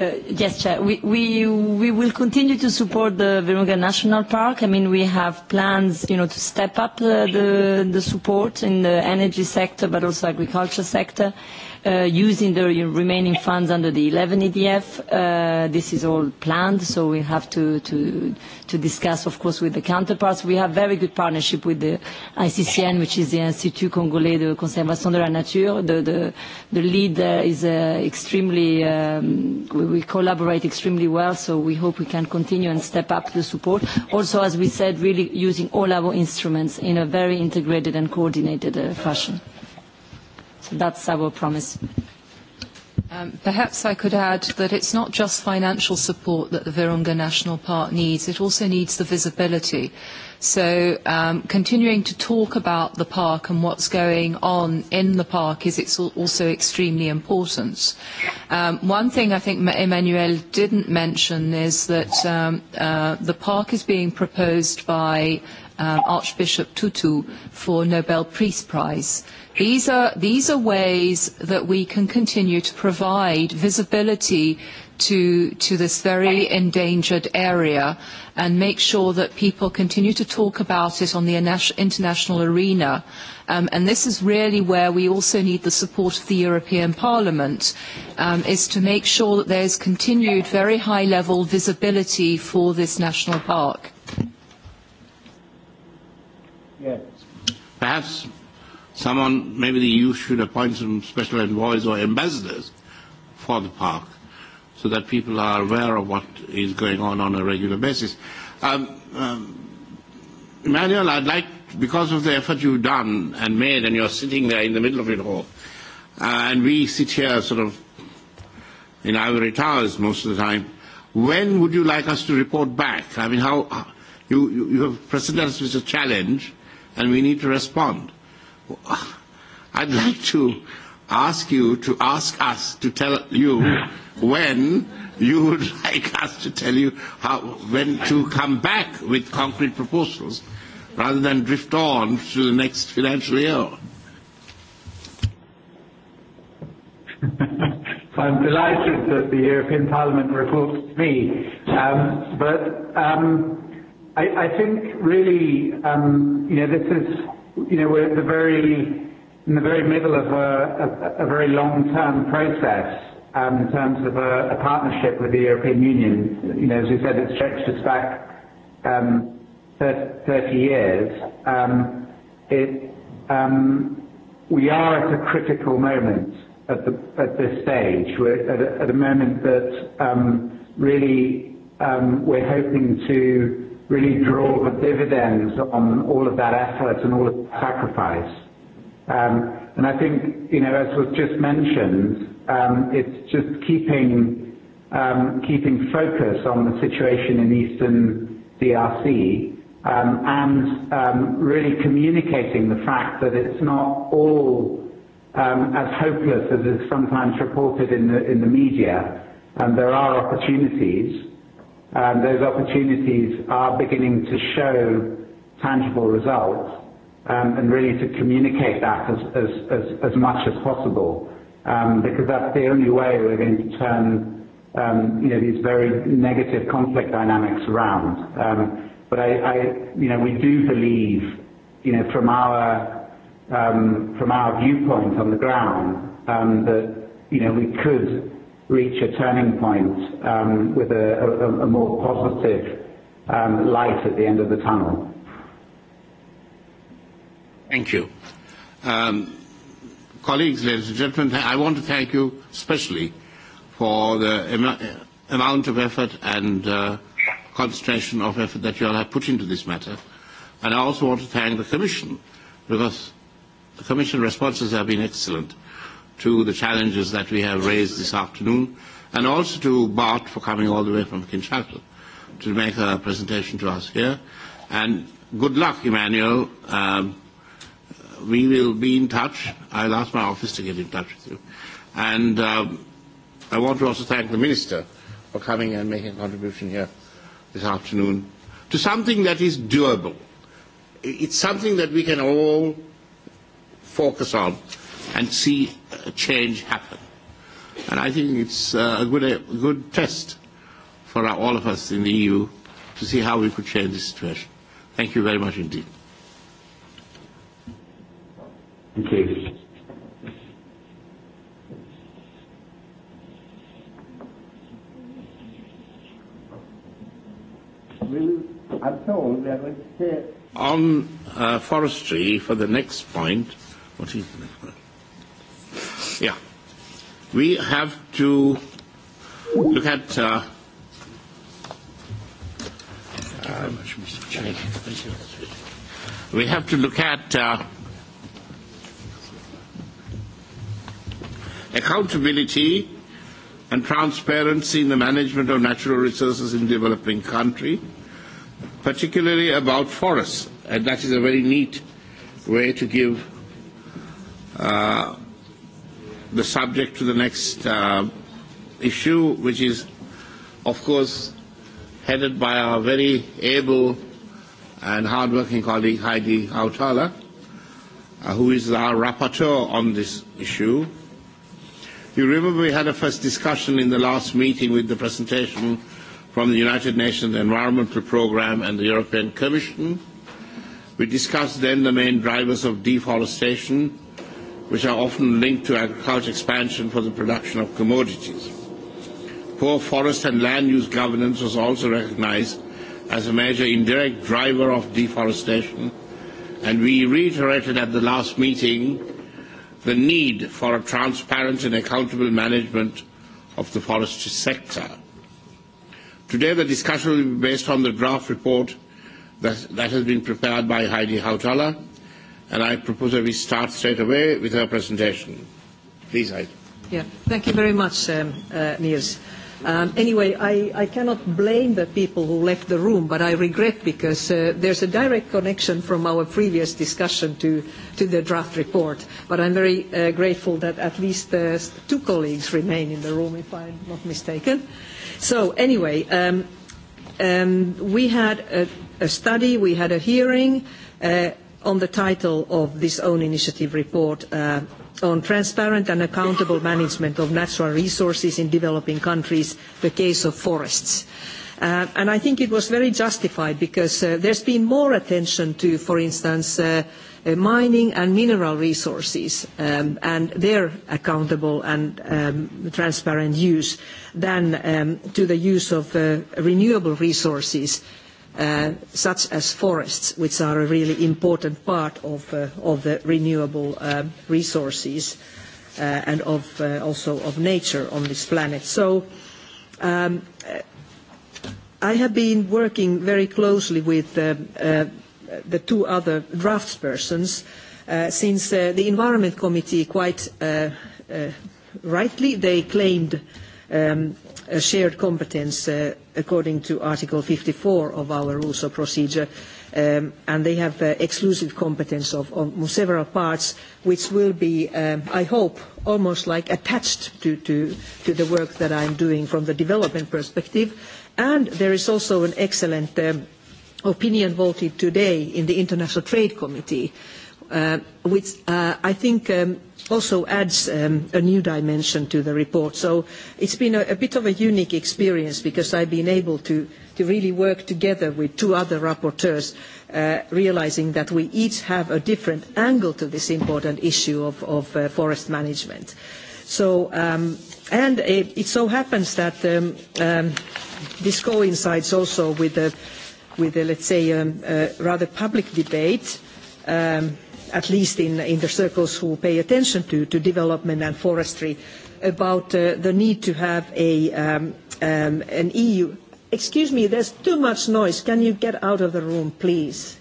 Uh, yes, Chair. We, we, we will continue to support the Virunga National Park. I mean, we have plans, you know, to step up the, the, the support in the energy sector, but also agriculture sector. Uh, uh, using the remaining funds under the 11 EDF. Uh, this is all planned, so we have to, to, to discuss, of course, with the counterparts. We have very good partnership with the ICCN, which is the Institut Congolais de Conservation de la Nature. The, the, the lead there is uh, extremely, um, we, we collaborate extremely well, so we hope we can continue and step up the support. Also, as we said, really using all our instruments in a very integrated and coordinated uh, fashion that's our promise. Um, perhaps I could add that it's not just financial support that the Virunga National Park needs, it also needs the visibility. So um, continuing to talk about the park and what's going on in the park is it's also extremely important. Um, one thing I think Emmanuel didn't mention is that um, uh, the park is being proposed by um, Archbishop Tutu for Nobel Peace Prize. These are, these are ways that we can continue to provide visibility to, to this very endangered area and make sure that people continue to talk about it on the international arena. Um, and this is really where we also need the support of the European Parliament, um, is to make sure that there is continued very high level visibility for this national park. Yes. Perhaps someone, maybe the EU should appoint some special envoys or ambassadors for the park so that people are aware of what is going on on a regular basis. Um, um, Emmanuel, I'd like, because of the effort you've done and made, and you're sitting there in the middle of it all, uh, and we sit here sort of in ivory towers most of the time, when would you like us to report back? I mean, how, you, you, you have presented us with a challenge, and we need to respond. I'd like to ask you to ask us to tell you when you would like us to tell you how, when to come back with concrete proposals rather than drift on to the next financial year. I'm delighted that the European Parliament reports to me, um, but um, I, I think really, um, you know, this is, you know, we're at the very, in the very middle of a, a, a very long-term process um, in terms of a, a partnership with the European Union. You know, as we said, it stretches back um, 30, 30 years. Um, it, um, we are at a critical moment at, the, at this stage. We're at a, at a moment that um, really um, we're hoping to really draw the dividends on all of that effort and all of that sacrifice. Um, and I think, you know, as was just mentioned, um, it's just keeping, um, keeping focus on the situation in eastern DRC um, and um, really communicating the fact that it's not all um, as hopeless as is sometimes reported in the, in the media. And um, there are opportunities um, those opportunities are beginning to show tangible results um, and really to communicate that as, as, as, as much as possible um, because that's the only way we're going to turn um, you know, these very negative conflict dynamics around. Um, but I, I, you know, we do believe, you know, from our, um, from our viewpoint on the ground um, that, you know, we could reach a turning point um, with a, a, a more positive um, light at the end of the tunnel. Thank you. Um, colleagues, ladies and gentlemen, I want to thank you especially for the am uh, amount of effort and uh, concentration of effort that you all have put into this matter. And I also want to thank the Commission because the Commission responses have been excellent to the challenges that we have raised this afternoon, and also to Bart for coming all the way from Kinshasa to make a presentation to us here. And good luck, Emmanuel. Um, we will be in touch. I'll ask my office to get in touch with you. And um, I want to also thank the Minister for coming and making a contribution here this afternoon to something that is doable. It's something that we can all focus on and see a change happen. And I think it's uh, a good, a good test for all of us in the EU to see how we could change the situation. Thank you very much indeed. Thank you. On uh, forestry, for the next point, what is the next point? Yeah. We have to look at. Uh, um, we have to look at uh, accountability and transparency in the management of natural resources in developing country, particularly about forests. And that is a very neat way to give uh, the subject to the next uh, issue, which is, of course, headed by our very able and hard-working colleague Heidi Hautala, uh, who is our rapporteur on this issue. You remember we had a first discussion in the last meeting with the presentation from the United Nations Environmental Programme and the European Commission. We discussed then the main drivers of deforestation which are often linked to agriculture expansion for the production of commodities. Poor forest and land use governance was also recognized as a major indirect driver of deforestation, and we reiterated at the last meeting the need for a transparent and accountable management of the forestry sector. Today the discussion will be based on the draft report that, that has been prepared by Heidi Hautala and I propose that we start straight away with her presentation. Please, Heidi. Yeah, thank you very much, um, uh, Niels. Um, anyway, I, I cannot blame the people who left the room, but I regret because uh, there's a direct connection from our previous discussion to, to the draft report. But I'm very uh, grateful that at least uh, two colleagues remain in the room, if I'm not mistaken. So anyway, um, um, we had a, a study, we had a hearing. Uh, on the title of this own initiative report uh, on transparent and accountable management of natural resources in developing countries, the case of forests. Uh, and I think it was very justified because uh, there's been more attention to, for instance, uh, uh, mining and mineral resources um, and their accountable and um, transparent use than um, to the use of uh, renewable resources Uh, such as forests, which are a really important part of, uh, of the renewable uh, resources uh, and of, uh, also of nature on this planet. So um, uh, I have been working very closely with uh, uh, the two other draftspersons uh, since uh, the Environment Committee quite uh, uh, rightly they claimed um, a shared competence uh, according to Article 54 of our rules of procedure, um, and they have uh, exclusive competence of, of several parts, which will be, um, I hope, almost like attached to, to, to the work that I'm doing from the development perspective. And there is also an excellent um, opinion voted today in the International Trade Committee uh, uh, which uh, I think um, also adds um, a new dimension to the report. So it's been a, a bit of a unique experience because I've been able to, to really work together with two other rapporteurs, uh, realizing that we each have a different angle to this important issue of, of uh, forest management. So, um, and it, it so happens that um, um, this coincides also with, a, with a, let's say, um, a uh, rather public debate um, at least in, in the circles who pay attention to, to development and forestry, about uh, the need to have a, um, um, an EU. Excuse me, there's too much noise. Can you get out of the room, please?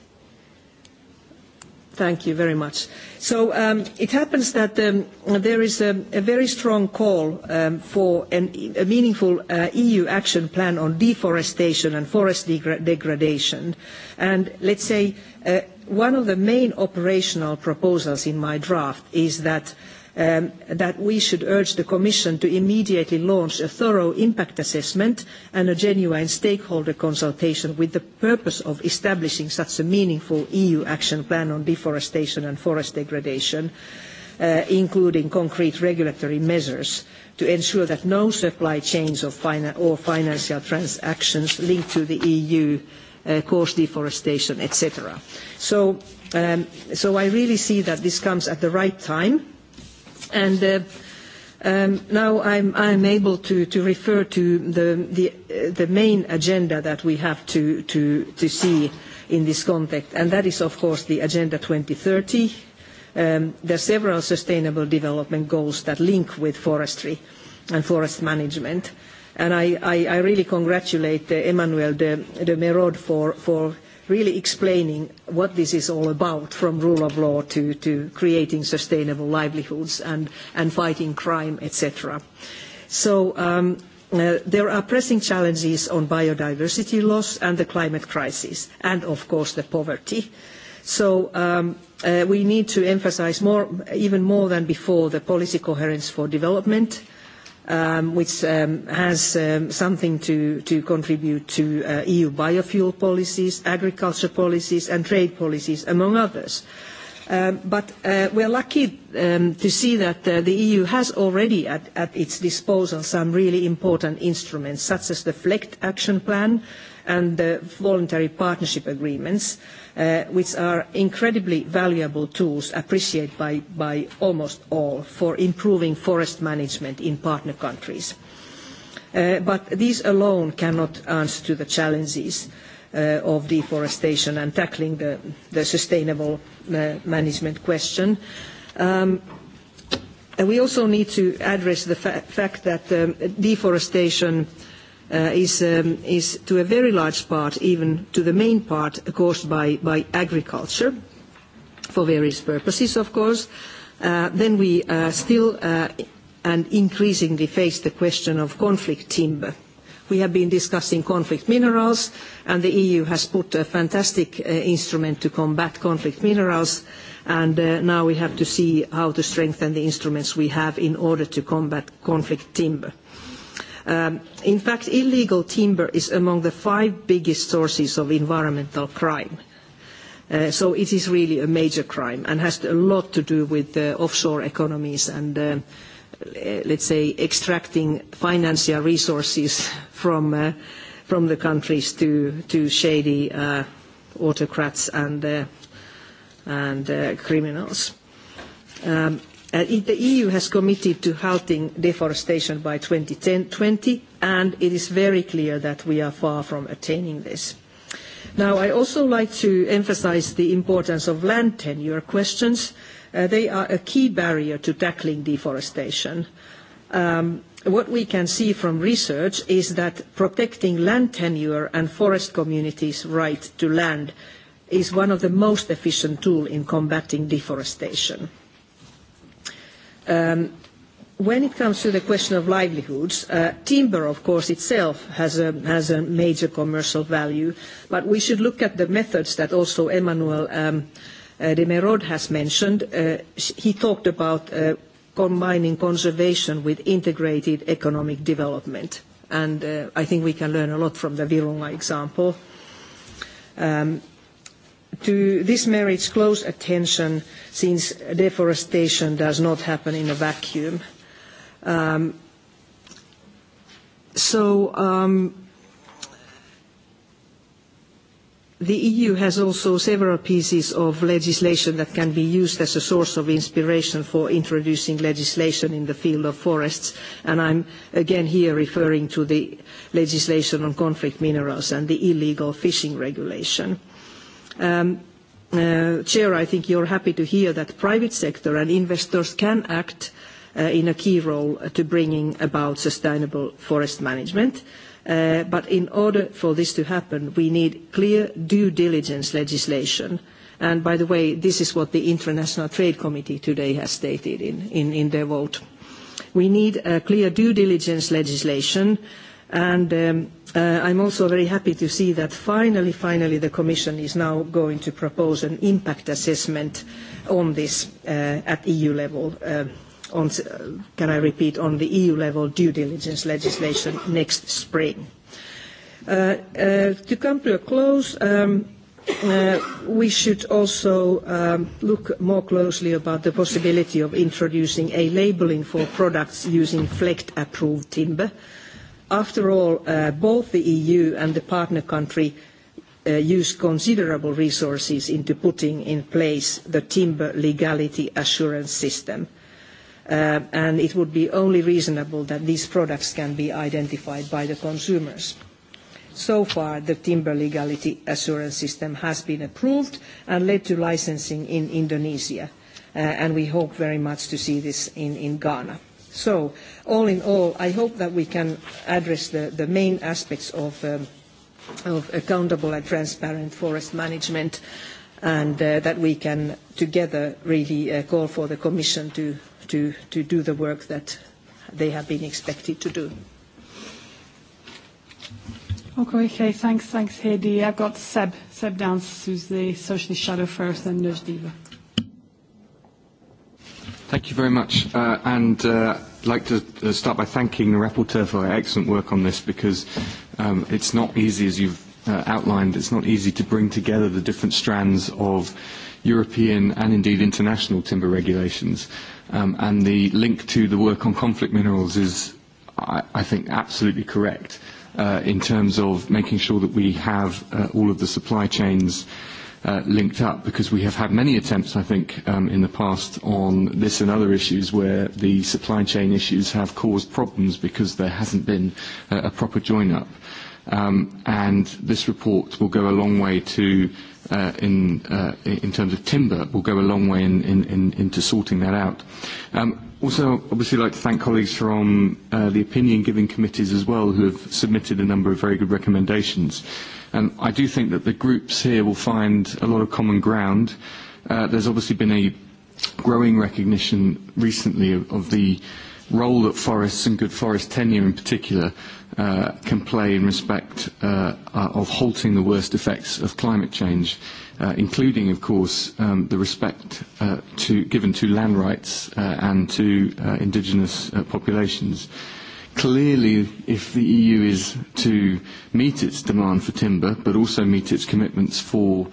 Thank you very much. So um, it happens that um, there is a, a very strong call um, for an, e, a meaningful uh, EU action plan on deforestation and forest degra degradation. And let's say uh, one of the main operational proposals in my draft is that, um, that we should urge the Commission to immediately launch a thorough impact assessment and a genuine stakeholder consultation with the purpose of establishing such a meaningful EU action plan on deforestation and forest degradation, uh, including concrete regulatory measures to ensure that no supply chains or financial transactions linked to the EU uh, cause deforestation, etc. So, um, so I really see that this comes at the right time. And uh, um, now I'm, I'm able to, to refer to the, the, uh, the main agenda that we have to, to, to see in this context, and that is, of course, the Agenda 2030, um, there are several sustainable development goals that link with forestry and forest management. And I, I, I really congratulate uh, Emmanuel de, de Merod for, for really explaining what this is all about, from rule of law to, to creating sustainable livelihoods and, and fighting crime, etc. So um, uh, there are pressing challenges on biodiversity loss and the climate crisis, and of course the poverty. So um, uh, we need to emphasize more, even more than before, the policy coherence for development – um, which um, has um, something to, to contribute to uh, EU biofuel policies, agriculture policies and trade policies, among others. Um, but uh, are lucky um, to see that uh, the EU has already at, at its disposal some really important instruments, such as the FLECT action plan, and the voluntary partnership agreements, uh, which are incredibly valuable tools appreciated by, by almost all for improving forest management in partner countries. Uh, but these alone cannot answer to the challenges uh, of deforestation and tackling the, the sustainable uh, management question. Um, we also need to address the fa fact that um, deforestation uh, uh, is, um, is to a very large part, even to the main part, caused by, by agriculture for various purposes, of course. Uh, then we uh, still uh, and increasingly face the question of conflict timber. We have been discussing conflict minerals, and the EU has put a fantastic uh, instrument to combat conflict minerals, and uh, now we have to see how to strengthen the instruments we have in order to combat conflict timber. Uh, Um, in fact, illegal timber is among the five biggest sources of environmental crime. Uh, so it is really a major crime and has a lot to do with uh, offshore economies and, um, uh, let's say, extracting financial resources from, uh, from the countries to, to shady uh, autocrats and, uh, and uh, criminals. Um, Uh, the EU has committed to halting deforestation by 2020, and it is very clear that we are far from attaining this. Now, I also like to emphasise the importance of land tenure questions. Uh, they are a key barrier to tackling deforestation. Um, what we can see from research is that protecting land tenure and forest communities' right to land is one of the most efficient tools in combating deforestation. Um, when it comes to the question of livelihoods, uh, timber, of course, itself has a, has a major commercial value, but we should look at the methods that also Emmanuel um, uh, de Merod has mentioned. Uh, he talked about uh, combining conservation with integrated economic development, and uh, I think we can learn a lot from the Virunga example. Um, to this merits close attention since deforestation does not happen in a vacuum. Um, so um, the EU has also several pieces of legislation that can be used as a source of inspiration for introducing legislation in the field of forests. And I'm again here referring to the legislation on conflict minerals and the illegal fishing regulation. Um, uh, Chair, I think you're happy to hear that private sector and investors can act uh, in a key role to bringing about sustainable forest management. Uh, but in order for this to happen, we need clear due diligence legislation. And by the way, this is what the International Trade Committee today has stated in, their vote. We need a clear due diligence legislation and um, Uh, I'm also very happy to see that finally, finally the Commission is now going to propose an impact assessment on this uh, at EU level. Uh, on, uh, can I repeat, on the EU level due diligence legislation next spring. Uh, uh, to come to a close, um, uh, we should also um, look more closely about the possibility of introducing a labelling for products using FLECT-approved timber. Uh, After all, uh, both the EU and the partner country uh, use considerable resources into putting in place the timber legality assurance system. Uh, and it would be only reasonable that these products can be identified by the consumers. So far, the timber legality assurance system has been approved and led to licensing in Indonesia, uh, and we hope very much to see this in, in Ghana. So, all in all, I hope that we can address the, the main aspects of, um, of accountable and transparent forest management and uh, that we can together really uh, call for the Commission to, to, to do the work that they have been expected to do. Okay, okay, thanks, thanks, Heidi. I've got Seb, Seb Dance, who's the Socialist Shadow first, and Nurse Diva. Thank you very much. Uh, and uh, I'd like to uh, start by thanking the rapporteur for her excellent work on this because um, it's not easy, as you've uh, outlined, it's not easy to bring together the different strands of European and indeed international timber regulations. Um, and the link to the work on conflict minerals is, I, I think, absolutely correct uh, in terms of making sure that we have uh, all of the supply chains uh, uh, linked up because we have had many attempts, I think, um, in the past on this and other issues where the supply chain issues have caused problems because there hasn't been uh, a proper join up. Um, and this report will go a long way to uh, in, uh, in terms of timber will go a long way in, in, in, into sorting that out. Um, also, obviously, I'd like to thank colleagues from uh, the opinion-giving committees as well who have submitted a number of very good recommendations. And um, I do think that the groups here will find a lot of common ground. Uh, there's obviously been a growing recognition recently of, of the role that forests and good forest tenure in particular uh, can play in respect uh, uh, of halting the worst effects of climate change, uh, including, of course, um, the respect uh, to, given to land rights uh, and to uh, indigenous uh, populations. Clearly, if the EU is to meet its demand for timber, but also meet its commitments for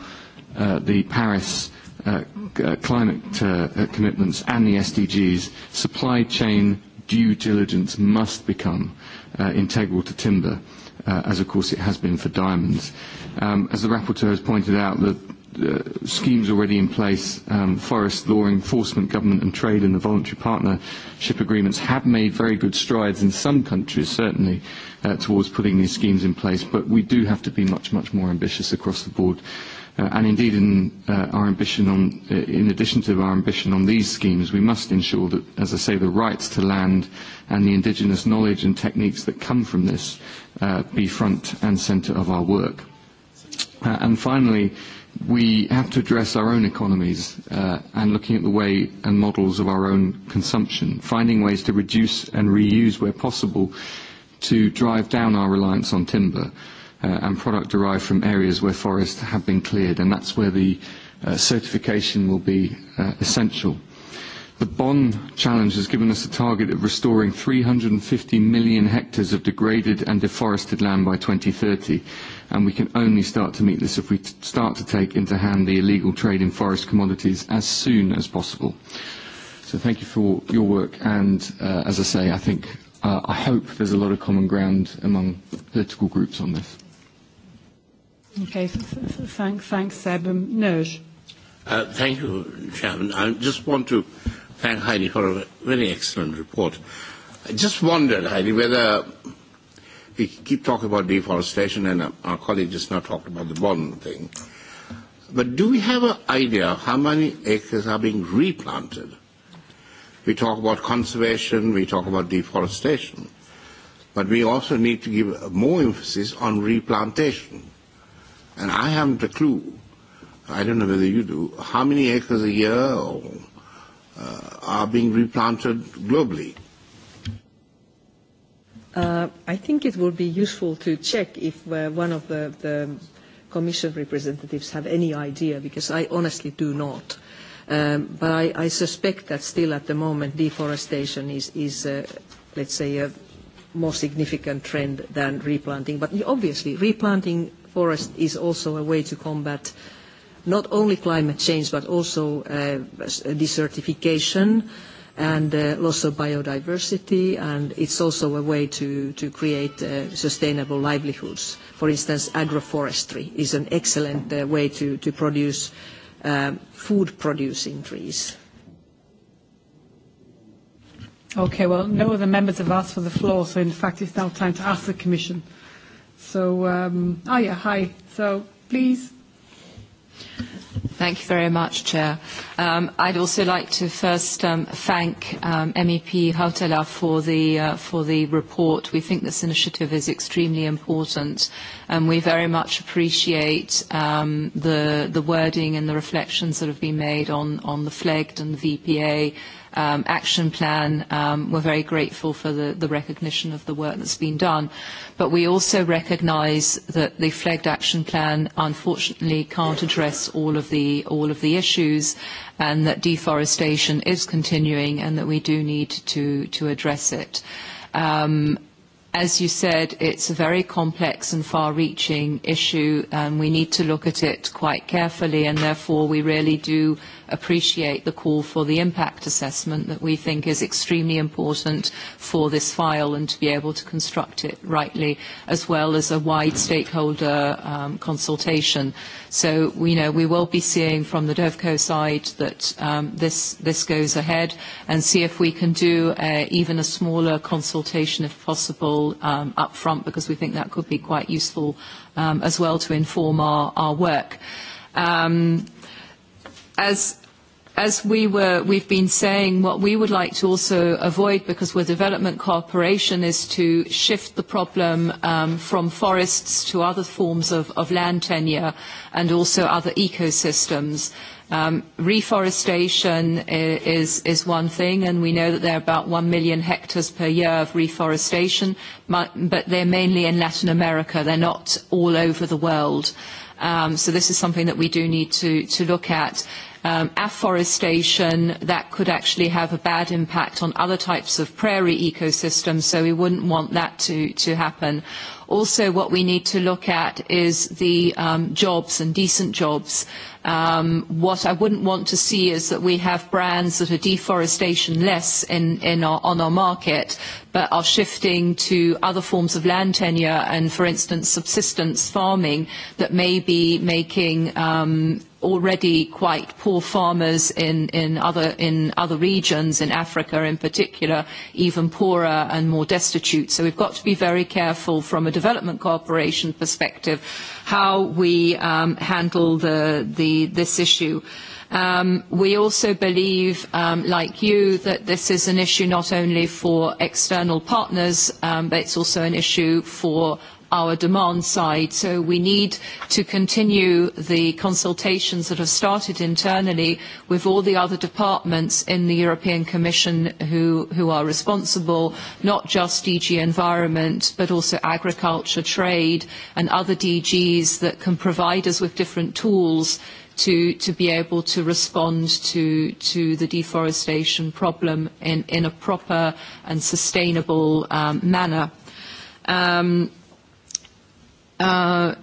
uh, the Paris uh, uh, climate uh, uh, commitments and the SDGs, supply chain due diligence must become uh, uh, integral to timber, uh, as of course it has been for diamonds. Um, as the rapporteur has pointed out, the uh, schemes already in place, um, forest law enforcement, government and trade and the voluntary partnership agreements have made very good strides in some countries, certainly, uh, towards putting these schemes in place, but we do have to be much, much more ambitious across the board Uh, and indeed, in uh, our ambition on, uh, in addition to our ambition on these schemes, we must ensure that, as I say, the rights to land and the indigenous knowledge and techniques that come from this uh, be front and centre of our work. Uh, and finally, we have to address our own economies uh, and looking at the way and models of our own consumption, finding ways to reduce and reuse where possible to drive down our reliance on timber uh, and product derived from areas where forests have been cleared, and that's where the uh, certification will be uh, essential. The Bonn challenge has given us a target of restoring 350 million hectares of degraded and deforested land by 2030, and we can only start to meet this if we start to take into hand the illegal trade in forest commodities as soon as possible. So thank you for your work, and uh, as I say, I think uh, I hope there's a lot of common ground among political groups on this. Okay, thank, thanks, Seb. Um, Nerj. Uh, thank you, Chairman. I just want to thank Heidi for a very excellent report. I just wondered, Heidi, whether we keep talking about deforestation and uh, our colleague just now talked about the bond thing. But do we have an idea of how many acres are being replanted? We talk about conservation, we talk about deforestation, but we also need to give more emphasis on replantation And I haven't a clue, I don't know whether you do, how many acres a year or, uh, are being replanted globally. Uh, I think it would be useful to check if uh, one of the, the Commission representatives have any idea, because I honestly do not. Um, but I, I suspect that still at the moment deforestation is, is uh, let's say, a more significant trend than replanting. But obviously, replanting forest is also a way to combat not only climate change but also uh, desertification and uh, loss of biodiversity and it's also a way to, to create uh, sustainable livelihoods. For instance, agroforestry is an excellent uh, way to, to produce uh, food producing trees. Okay, well, no other members have asked for the floor, so in fact it's now time to ask the Commission So, um, oh yeah, hi. So, please. Thank you very much, Chair. Um, I'd also like to first um, thank um, MEP Hautala for the, uh, for the report. We think this initiative is extremely important, and we very much appreciate um, the, the wording and the reflections that have been made on, on the FLEGT and the VPA um, action plan, um, we're very grateful for the, the recognition of the work that's been done. But we also recognise that the flagged action plan unfortunately can't address all of the, all of the issues and that deforestation is continuing and that we do need to, to address it. Um, as you said, it's a very complex and far-reaching issue, and we need to look at it quite carefully, and therefore we really do appreciate the call for the impact assessment that we think is extremely important for this file and to be able to construct it rightly, as well as a wide stakeholder um, consultation. So we you know we will be seeing from the DevCo side that um, this, this goes ahead and see if we can do a even a smaller consultation if possible um, up front because we think that could be quite useful um, as well to inform our, our work. Um, as as we were, we've been saying, what we would like to also avoid, because we're development cooperation, is to shift the problem um, from forests to other forms of, of land tenure and also other ecosystems. Um, reforestation is, is one thing, and we know that there are about one million hectares per year of reforestation, but they're mainly in Latin America. They're not all over the world. Um, so this is something that we do need to, to look at um, afforestation that could actually have a bad impact on other types of prairie ecosystems, so we wouldn't want that to, to happen. Also, what we need to look at is the um, jobs and decent jobs. Um, what I wouldn't want to see is that we have brands that are deforestation less in, in our, on our market, but are shifting to other forms of land tenure and, for instance, subsistence farming that may be making um, already quite poor farmers in, in, other, in other regions, in Africa in particular, even poorer and more destitute. So we've got to be very careful from a development cooperation perspective how we um, handle the, the, this issue. Um, we also believe, um, like you, that this is an issue not only for external partners, um, but it's also an issue for our demand side. So we need to continue the consultations that have started internally with all the other departments in the European Commission who, who are responsible, not just DG Environment, but also Agriculture, Trade, and other DGs that can provide us with different tools to, to be able to respond to, to the deforestation problem in, in a proper and sustainable um, manner. Um, uh,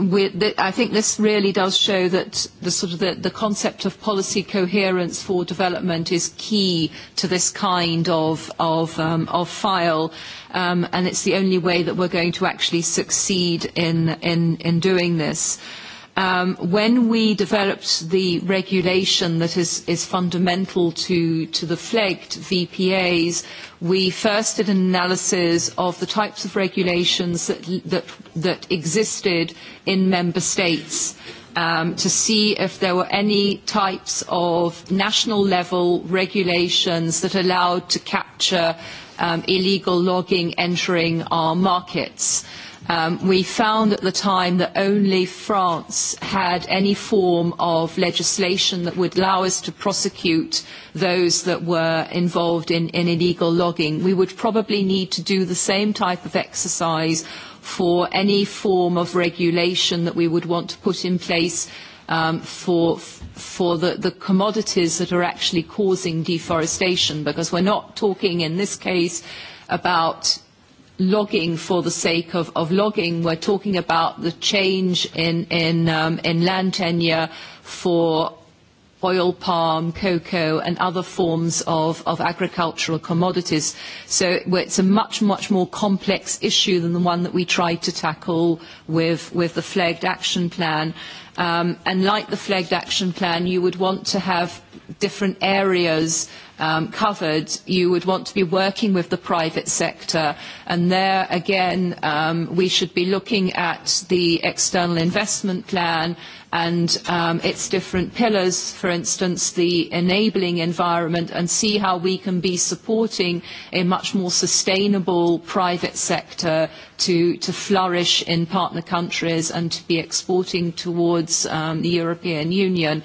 we, th I think this really does show that the sort of the, the concept of policy coherence for development is key to this kind of of um, of file, um, and it's the only way that we're going to actually succeed in in in doing this. Um, when we developed the regulation that is, is fundamental to, to the flagged VPAs, we first did an analysis of the types of regulations that, that, that existed in member states um, to see if there were any types of national level regulations that allowed to capture um, illegal logging entering our markets. Um, we found at the time that only France had any form of legislation that would allow us to prosecute those that were involved in, in illegal logging. We would probably need to do the same type of exercise for any form of regulation that we would want to put in place um, for, for the, the commodities that are actually causing deforestation, because we're not talking in this case about logging for the sake of, of logging. We're talking about the change in, in, um, in land tenure for oil palm, cocoa and other forms of, of agricultural commodities. So it's a much, much more complex issue than the one that we tried to tackle with, with the flagged action plan. Um, and like the flagged action plan, you would want to have different areas um, covered, you would want to be working with the private sector. And there, again, um, we should be looking at the external investment plan and um, its different pillars, for instance, the enabling environment, and see how we can be supporting a much more sustainable private sector to, to flourish in partner countries and to be exporting towards um, the European Union.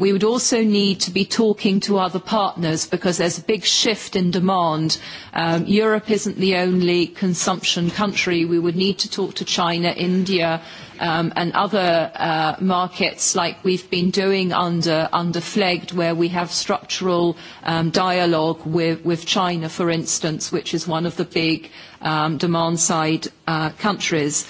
We would also need to be talking to other partners because there's a big shift in demand. Um, Europe isn't the only consumption country. We would need to talk to China, India, um, and other uh, markets like we've been doing under, under FLEGD where we have structural um, dialogue with, with China, for instance, which is one of the big um, demand side uh, countries.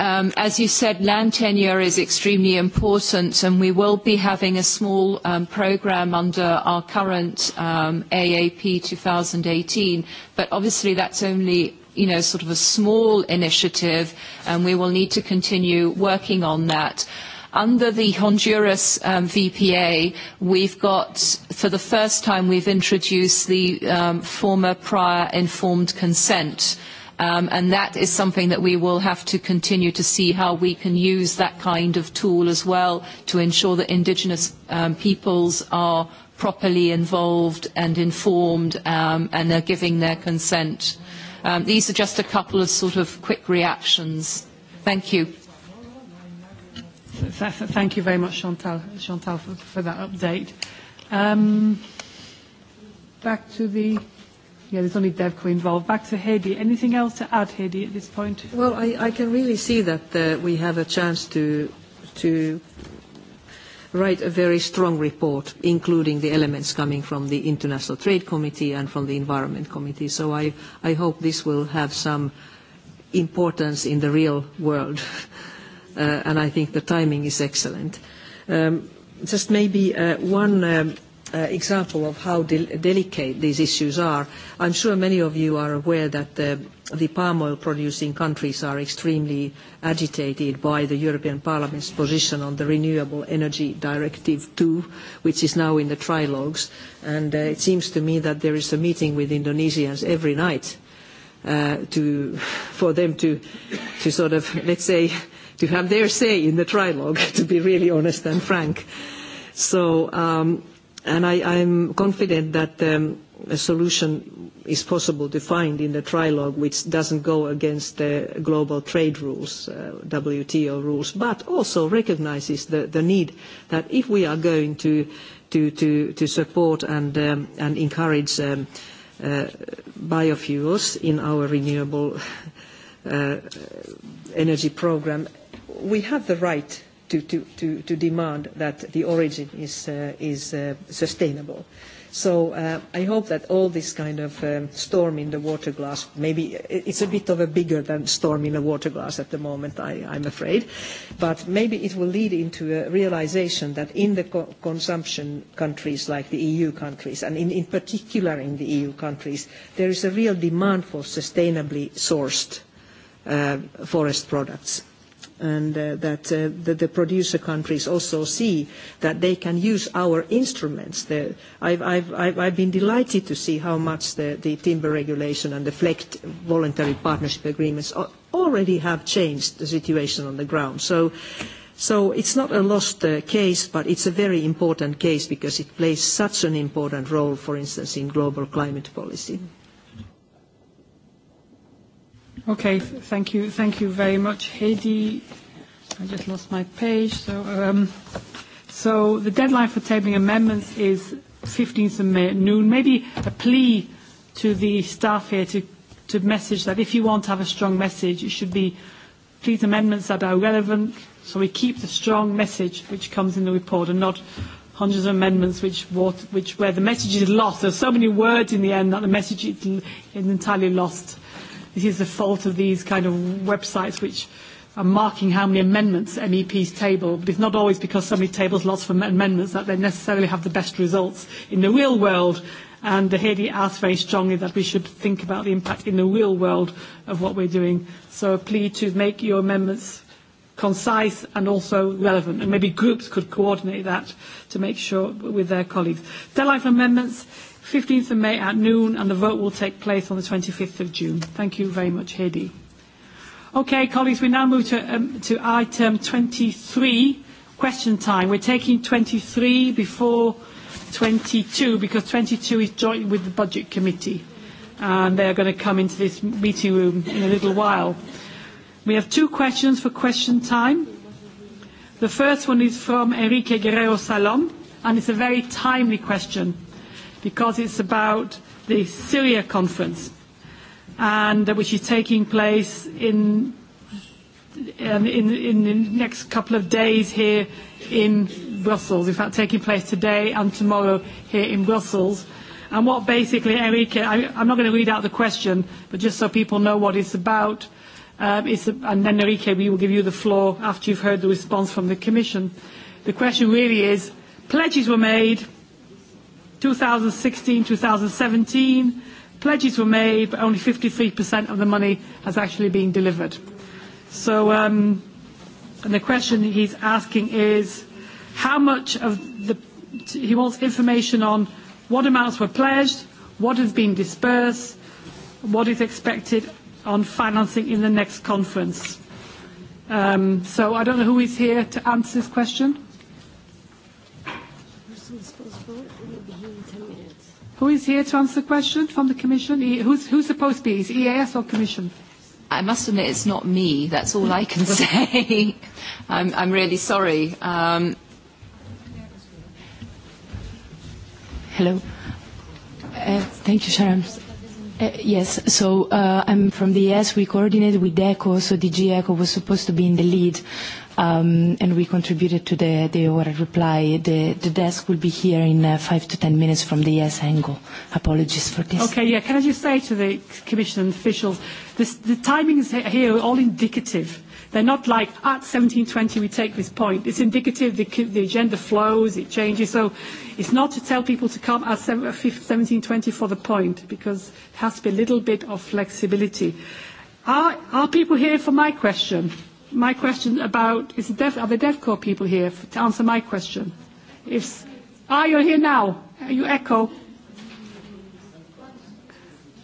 Um, as you said, land tenure is extremely important, and we will be having a small um, program under our current um, AAP 2018, but obviously that's only you know, sort of a small initiative, and we will need to continue working on that. Under the Honduras um, VPA, we've got, for the first time, we've introduced the um, former prior informed consent. Um, and that is something that we will have to continue to see how we can use that kind of tool as well to ensure that indigenous um, peoples are properly involved and informed um, and are giving their consent. Um, these are just a couple of sort of quick reactions. Thank you. Thank you very much, Chantal, Chantal for, for that update. Um, back to the... Yeah, there's only DevCo involved. Back to Hedy. Anything else to add, Hedy, at this point? Well, I, I can really see that uh, we have a chance to, to write a very strong report, including the elements coming from the International Trade Committee and from the Environment Committee. So I, I hope this will have some importance in the real world. uh, and I think the timing is excellent. Um, just maybe uh, one um, uh, example of how del delicate these issues are. I'm sure many of you are aware that the uh, the palm oil producing countries are extremely agitated by the European Parliament's position on the Renewable Energy Directive two, which is now in the trilogues. And uh, it seems to me that there is a meeting with Indonesians every night uh, to, for them to, to sort of, let's say, to have their say in the trilogue, to be really honest and frank. So, um, and I, I'm confident that um, a solution is possible to find in the trilogue which doesn't go against the global trade rules, uh, WTO rules, but also recognizes the, the need that if we are going to, to, to, to support and, um, and encourage um, uh, biofuels in our renewable uh, energy program, we have the right to, to, to, to demand that the origin is, uh, is uh, sustainable. So uh, I hope that all this kind of um, storm in the water glass, maybe it's a bit of a bigger than storm in a water glass at the moment, I, I'm afraid, but maybe it will lead into a realization that in the co consumption countries like the EU countries, and in, in particular in the EU countries, there is a real demand for sustainably sourced uh, forest products and uh, that, uh, the, the producer countries also see that they can use our instruments. The, I've, I've, I've, I've been delighted to see how much the, the timber regulation and the FLECT voluntary partnership agreements already have changed the situation on the ground. So, so it's not a lost uh, case, but it's a very important case because it plays such an important role, for instance, in global climate policy. Mm -hmm. Okay, thank you. Thank you very much, Heidi. I just lost my page. So, um, so the deadline for tabling amendments is 15th of May at noon. Maybe a plea to the staff here to, to message that if you want to have a strong message, it should be please amendments that are relevant so we keep the strong message which comes in the report and not hundreds of amendments which, which where the message is lost. There's so many words in the end that the message is, is entirely lost. This is the fault of these kind of websites which are marking how many amendments MEPs table, but it's not always because somebody tables lots of amendments that they necessarily have the best results in the real world. And Haiti asked very strongly that we should think about the impact in the real world of what we're doing. So a plea to make your amendments concise and also relevant. And maybe groups could coordinate that to make sure with their colleagues. Deadline for amendments 15th of May at noon, and the vote will take place on the 25th of June. Thank you very much, Hedy. Okay, colleagues, we now move to, um, to item 23, question time. We're taking 23 before 22 because 22 is joint with the Budget Committee and they are going to come into this meeting room in a little while. We have two questions for question time. The first one is from Enrique Guerrero Salom and it's a very timely question because it's about the Syria conference, and uh, which is taking place in, um, in, in the next couple of days here in Brussels. In fact, taking place today and tomorrow here in Brussels. And what basically, Enrique, I, I'm not going to read out the question, but just so people know what it's about, um, it's, and then Enrique, we will give you the floor after you've heard the response from the Commission. The question really is, pledges were made, 2016, 2017, pledges were made, but only 53% of the money has actually been delivered. So, um, and the question he's asking is, how much of the, he wants information on what amounts were pledged, what has been dispersed, what is expected on financing in the next conference. Um, so I don't know who is here to answer this question. Who is here to answer the question from the Commission? E who's, who's supposed to be? Is EAS or Commission? I must admit it's not me. That's all I can say. I'm, I'm really sorry. Um, hello. Uh, thank you, Sharon. Uh, yes, so uh, I'm from the ES. We coordinate with DECO, so DG ECO was supposed to be in the lead um, and we contributed to the, the order reply. The, the desk will be here in uh, five to ten minutes from the yes angle. Apologies for this. Okay, yeah, can I just say to the Commission and officials, this, the timings here are all indicative. They're not like at 17.20 we take this point. It's indicative, the, the agenda flows, it changes. So it's not to tell people to come at 17.20 for the point because it has to be a little bit of flexibility. Are, are people here for my question? my question about, is the deaf, are the core people here for, to answer my question? If, ah, you here now. You echo.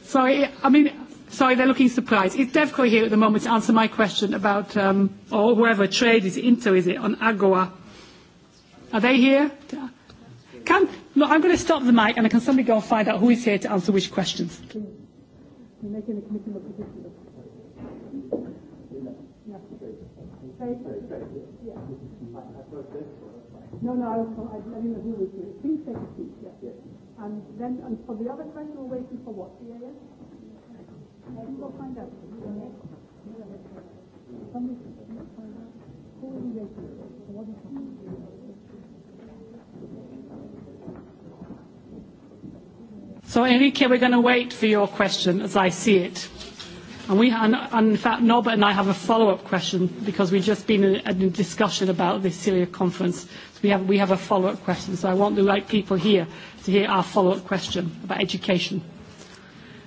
Sorry, I mean, sorry, they're looking surprised. Is DevCo here at the moment to answer my question about, um, or whoever, trade, is it Inter, is it, on Agua? Are they here? Can, no, I'm going to stop the mic and can somebody go and find out who is here to answer which questions? Can you make any, Yeah. No, no, I was, I, I didn't agree with you. Please take a seat. Yeah. And then and for the other question, we're waiting for what? The yeah. I we'll find out. Somebody find out. Who are you waiting for? What is happening? So Enrique, we're going to wait for your question as I see it. And, we, and, and in fact, Norbert and I have a follow-up question because we've just been in a, in a discussion about this Syria conference. So we have, we have a follow-up question. So I want the right people here to hear our follow-up question about education.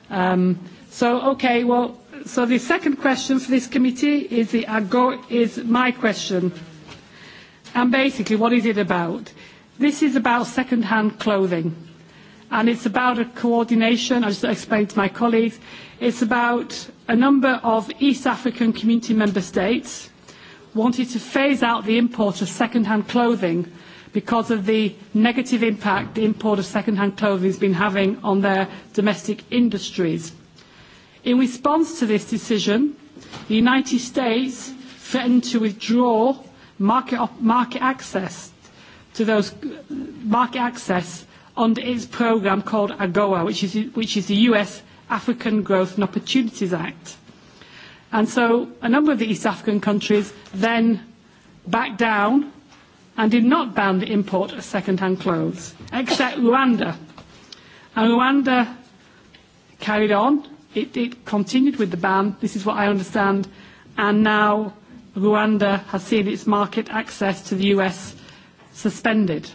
Um, so, okay, well, so the second question for this committee is, the, uh, is my question. And basically, what is it about? This is about second-hand clothing And it's about a coordination, I just explained to my colleagues, it's about a number of East African community member states wanting to phase out the import of second-hand clothing because of the negative impact the import of second-hand clothing has been having on their domestic industries. In response to this decision, the United States threatened to withdraw market, market access to those market access under its programme called AGOA, which is, which is the US African Growth and Opportunities Act. And so a number of the East African countries then backed down and did not ban the import of second-hand clothes, except Rwanda. And Rwanda carried on. It, it continued with the ban. This is what I understand. And now Rwanda has seen its market access to the US suspended.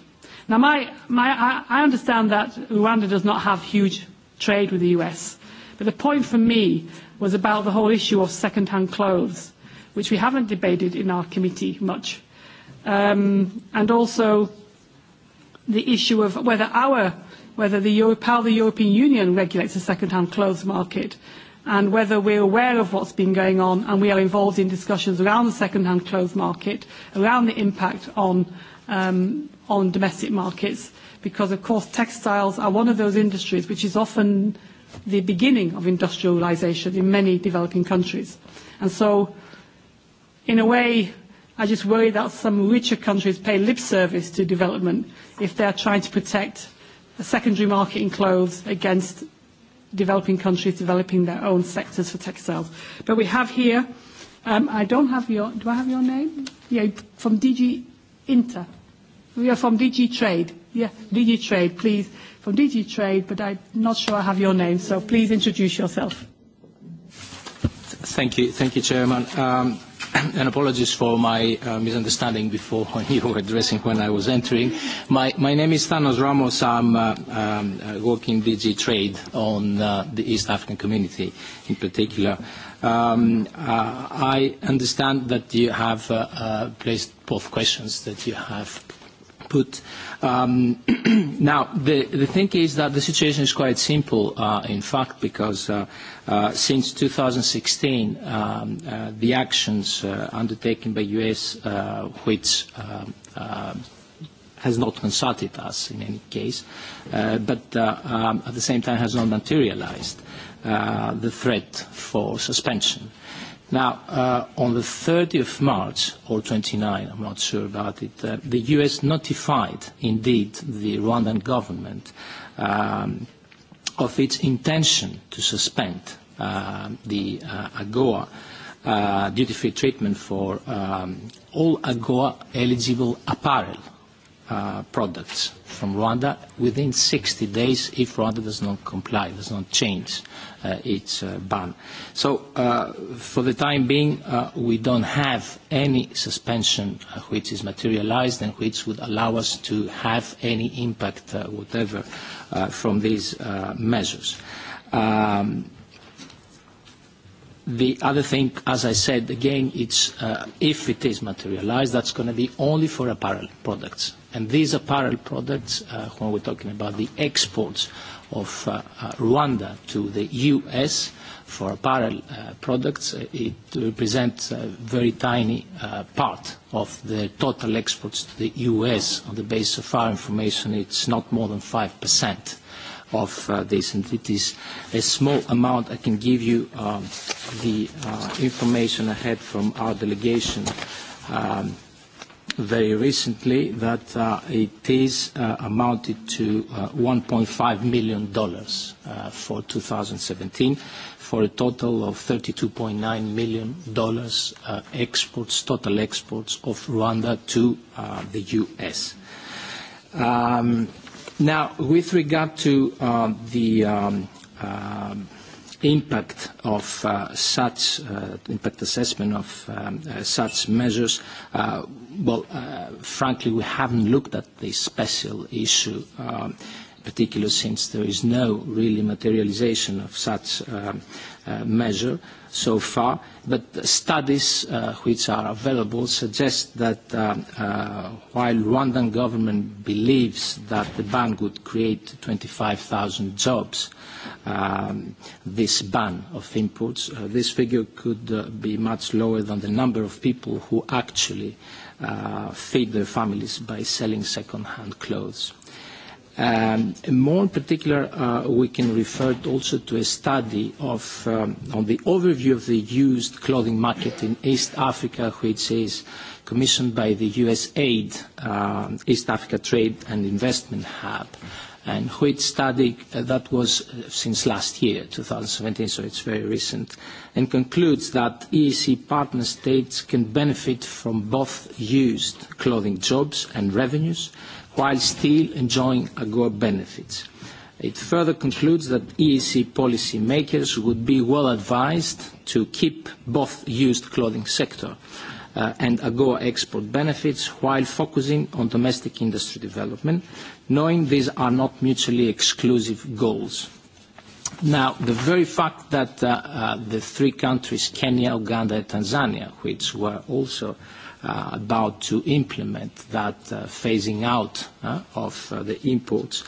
Now, my, my, I understand that Rwanda does not have huge trade with the US, but the point for me was about the whole issue of second-hand clothes, which we haven't debated in our committee much, um, and also the issue of whether our whether the Europe, how the European Union regulates the second-hand clothes market and whether we're aware of what's been going on and we are involved in discussions around the second-hand clothes market, around the impact on um, on domestic markets because, of course, textiles are one of those industries which is often the beginning of industrialization in many developing countries. And so, in a way, I just worry that some richer countries pay lip service to development if they are trying to protect a secondary market in clothes against developing countries developing their own sectors for textiles. But we have here, um, I don't have your, do I have your name? Yeah, from DG Inter. We are from DG Trade. Yeah, DG Trade, please. From DG Trade, but I'm not sure I have your name, so please introduce yourself. Thank you, thank you, Chairman. Um, and apologies for my uh, misunderstanding before when you were addressing when I was entering. My, my name is Thanos Ramos. I'm uh, um, uh, working DG Trade on uh, the East African community in particular. Um, uh, I understand that you have uh, uh, placed both questions that you have put. Um, now, the, the thing is that the situation is quite simple, uh, in fact, because uh, uh, since 2016, um, uh, the actions uh, undertaken by U.S., uh, which uh, uh, has not consulted us in any case, uh, but uh, um, at the same time has not materialized uh, the threat for suspension. Uh, Now, uh, on the 30th of March, or 29, I'm not sure about it, uh, the U.S. notified, indeed, the Rwandan government um, of its intention to suspend uh, the uh, AGOA uh, duty-free treatment for um, all AGOA-eligible apparel uh, products from Rwanda within 60 days if Rwanda does not comply, does not change uh, its uh, ban. So uh, for the time being, uh, we don't have any suspension uh, which is materialized and which would allow us to have any impact, uh, whatever, uh, from these uh, measures. Um, The other thing, as I said, again, it's, uh, if it is materialized, that's going to be only for apparel products. And these apparel products, uh, when we're talking about the exports of uh, uh, Rwanda to the U.S. for apparel uh, products, uh, it represents a very tiny uh, part of the total exports to the U.S. On the basis of our information, it's not more than 5% of uh, this, and it is a small amount. I can give you um, the uh, information I had from our delegation um, very recently that uh, it is uh, amounted to uh, $1.5 million dollars, uh, for 2017 for a total of $32.9 million dollars, uh, exports, total exports of Rwanda to uh, the U.S. Um, now, with regard to uh, the um, uh, impact of uh, such uh, impact assessment of um, uh, such measures, uh, Well, uh, frankly, we haven't looked at this special issue, um, particularly since there is no really materialization of such uh, uh, measure so far. But studies uh, which are available suggest that uh, uh, while Rwandan government believes that the ban would create 25,000 jobs, um, this ban of imports, uh, this figure could uh, be much lower than the number of people who actually uh, uh, feed their families by selling second-hand clothes. Um, more in particular, uh, we can refer also to a study of, um, on the overview of the used clothing market in East Africa, which is uh, commissioned by the USAID uh, East Africa Trade and Investment Hub, and which study uh, that was uh, since last year, 2017, so it's very recent, and concludes that EEC partner states can benefit from both used clothing jobs and revenues while still enjoying AGOA benefits. It further concludes that EEC policymakers would be well advised to keep both used clothing sector uh, and AGOA export benefits while focusing on domestic industry development, knowing these are not mutually exclusive goals. Now, the very fact that uh, uh, the three countries, Kenya, Uganda, and Tanzania, which were also uh, about to implement that uh, phasing out uh, of uh, the imports, uh,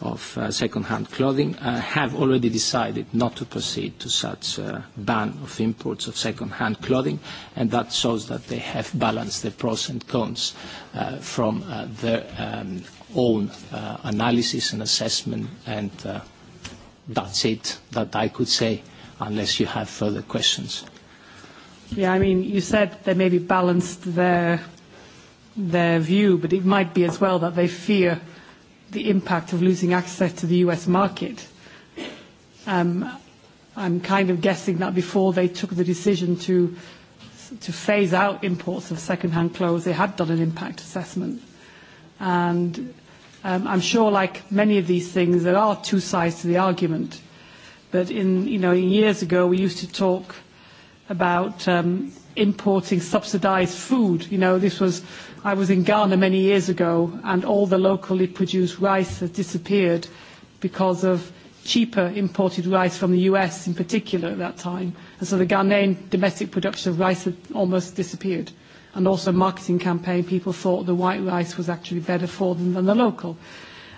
of uh, second-hand clothing uh, have already decided not to proceed to such a ban of imports of second-hand clothing, and that shows that they have balanced the pros and cons uh, from uh, their um, own uh, analysis and assessment, and uh, that's it that I could say, unless you have further questions. Yeah, I mean, you said they maybe balanced their, their view, but it might be as well that they fear the impact of losing access to the US market. Um, I'm kind of guessing that before they took the decision to, to phase out imports of second-hand clothes, they had done an impact assessment. And um, I'm sure, like many of these things, there are two sides to the argument. But in, you know, years ago, we used to talk about um, importing subsidized food. You know, this was I was in Ghana many years ago and all the locally produced rice has disappeared because of cheaper imported rice from the US in particular at that time. And so the Ghanaian domestic production of rice had almost disappeared. And also marketing campaign, people thought the white rice was actually better for them than the local.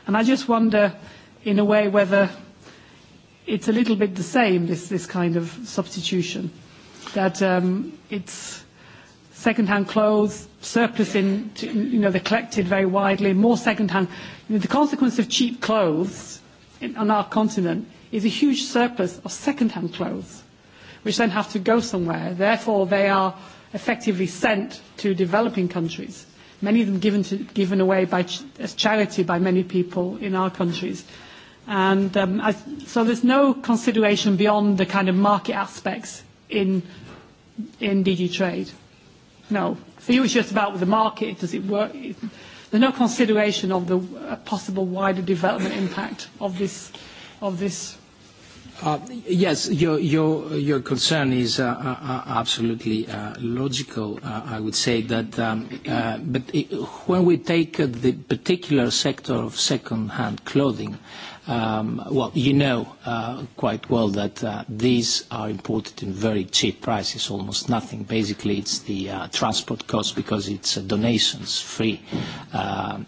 And I just wonder, in a way, whether it's a little bit the same, this, this kind of substitution. That um, it's second-hand clothes, surplus in, to, you know, they're collected very widely, more second-hand. You know, the consequence of cheap clothes in, on our continent is a huge surplus of second-hand clothes, which then have to go somewhere. Therefore, they are effectively sent to developing countries, many of them given, to, given away by ch as charity by many people in our countries. And um, I, so there's no consideration beyond the kind of market aspects in, in DG trade. No. For you, it's just about the market. Does it work? There's no consideration of the uh, possible wider development impact of this. Of this. Uh, yes, your, your, your concern is uh, uh, uh, absolutely uh, logical, uh, I would say that, um, uh, but it, when we take uh, the particular sector of second-hand clothing, um, well, you know uh, quite well that uh, these are imported in very cheap prices, almost nothing. Basically, it's the uh, transport cost because it's uh, donations, free uh,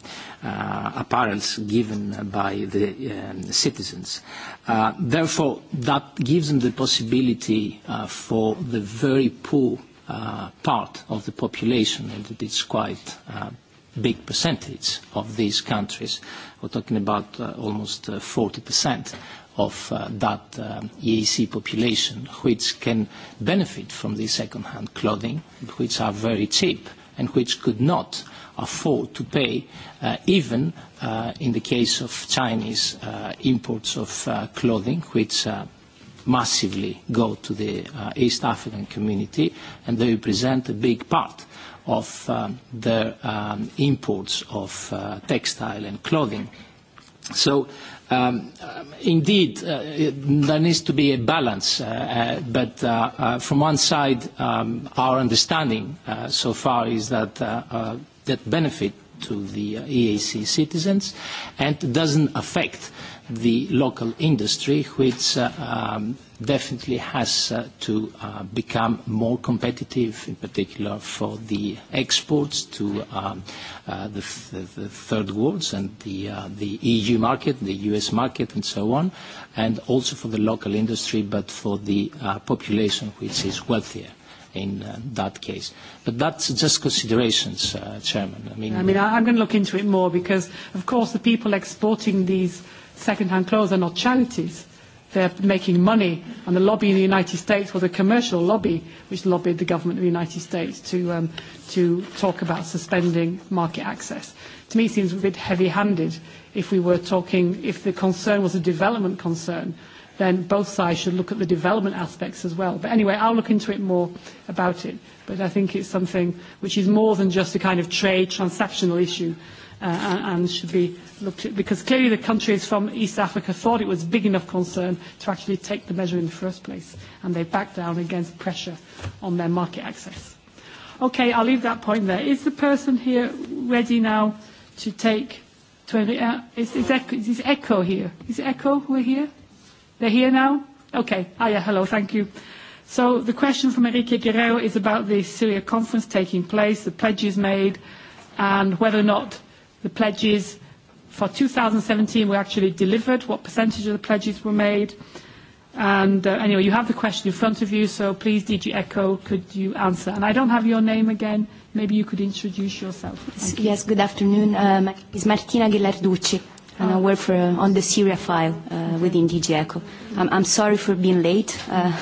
uh, apparels given by the um, citizens. Uh, therefore, that gives them the possibility uh, for the very poor uh, part of the population, and it's quite uh, big percentage of these countries. We're talking about uh, almost uh, 40% of uh, that um, uh, EAC population, which can benefit from the second-hand clothing, which are very cheap and which could not afford to pay, uh, even uh, in the case of Chinese uh, imports of uh, clothing, which uh, massively go to the uh, East African community, and they represent a big part of um, their um, imports of uh, textile and clothing. So um, um, indeed, uh, it, there needs to be a balance, uh, uh, but uh, uh, from one side, um, our understanding uh, so far is that uh, uh, that benefit to the uh, EAC citizens and doesn't affect uh, the local industry, which uh, um, definitely has uh, to uh, become more competitive, in particular for the exports to um, uh, the, th the third worlds and the, uh, the EU market, the US market, and so on, and also for the local industry, but for the uh, population which is wealthier in uh, that case. But that's just considerations, uh, Chairman. I mean, I mean I'm going to look into it more because, of course, the people exporting these – second-hand clothes are not charities. They're making money, and the lobby in the United States was a commercial lobby which lobbied the government of the United States to, um, to talk about suspending market access. To me, it seems a bit heavy-handed if we were talking, if the concern was a development concern, then both sides should look at the development aspects as well. But anyway, I'll look into it more about it. But I think it's something which is more than just a kind of trade transactional issue uh, and, and should be looked at because clearly the countries from East Africa thought it was big enough concern to actually take the measure in the first place and they backed down against pressure on their market access. Okay, I'll leave that point there. Is the person here ready now to take 20, uh, is, is, echo, is Echo here? Is Echo, who are here? They're here now? Okay, ah yeah, hello, thank you. So the question from Enrique Guerrero is about the Syria conference taking place, the pledges made, and whether or not the pledges for 2017 were actually delivered, what percentage of the pledges were made. And uh, anyway, you have the question in front of you, so please, DG ECHO, could you answer? And I don't have your name again. Maybe you could introduce yourself. Thank yes, good afternoon. Um, it's Martina Ghilarducci, and I work for, uh, on the Syria file uh, within DG ECHO. I'm, I'm sorry for being late. Uh,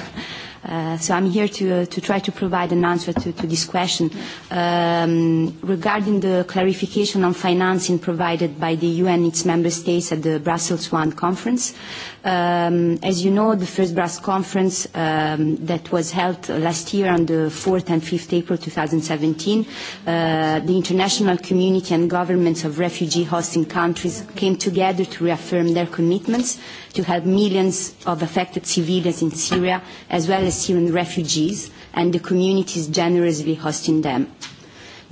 Uh, so I'm here to, uh, to try to provide an answer to, to this question. Um, regarding the clarification on financing provided by the UN, its member states at the Brussels One conference, Um, as you know, the first brass conference um, that was held last year on the 4th and 5th April 2017, uh, the international community and governments of refugee hosting countries came together to reaffirm their commitments to help millions of affected civilians in Syria, as well as Syrian refugees and the communities generously hosting them.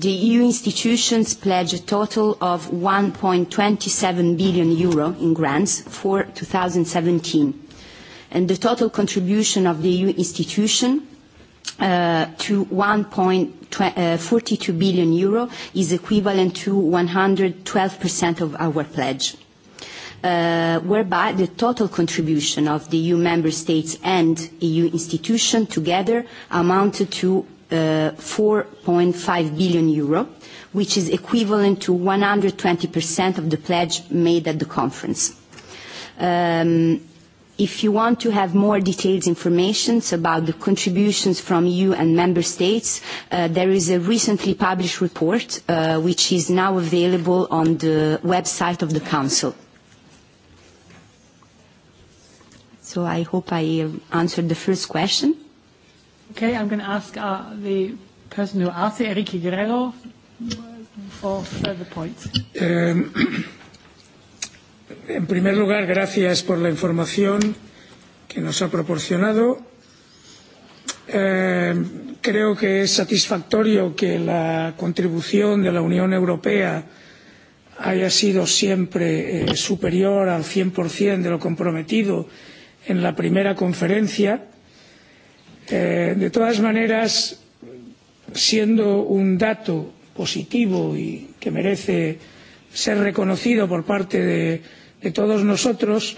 The EU institutions pledge a total of 1.27 billion euro in grants for 2017. And the total contribution of the EU institution uh, to 1.42 uh, billion euro is equivalent to 112% of our pledge. Uh, whereby the total contribution of the EU member states and EU institutions together amounted to point 4.5 billion euro, which is equivalent to 120% of the pledge made at the conference. Um, if you want to have more detailed information about the contributions from EU and member states, uh, there is a recently published report uh, which is now available on the website of the Council. So I hope I answered the first question. Okay, I'm going to ask uh, the person who asked it, Enrique Guerrero, for further points. Eh, en primer lugar, gracias por la información que nos ha proporcionado. Eh, creo que es satisfactorio que la contribución de la Unión Europea haya sido siempre eh, superior al 100% de lo comprometido en la primera conferencia Eh, de todas maneras, siendo un dato positivo y que merece ser reconocido por parte de, de todos nosotros,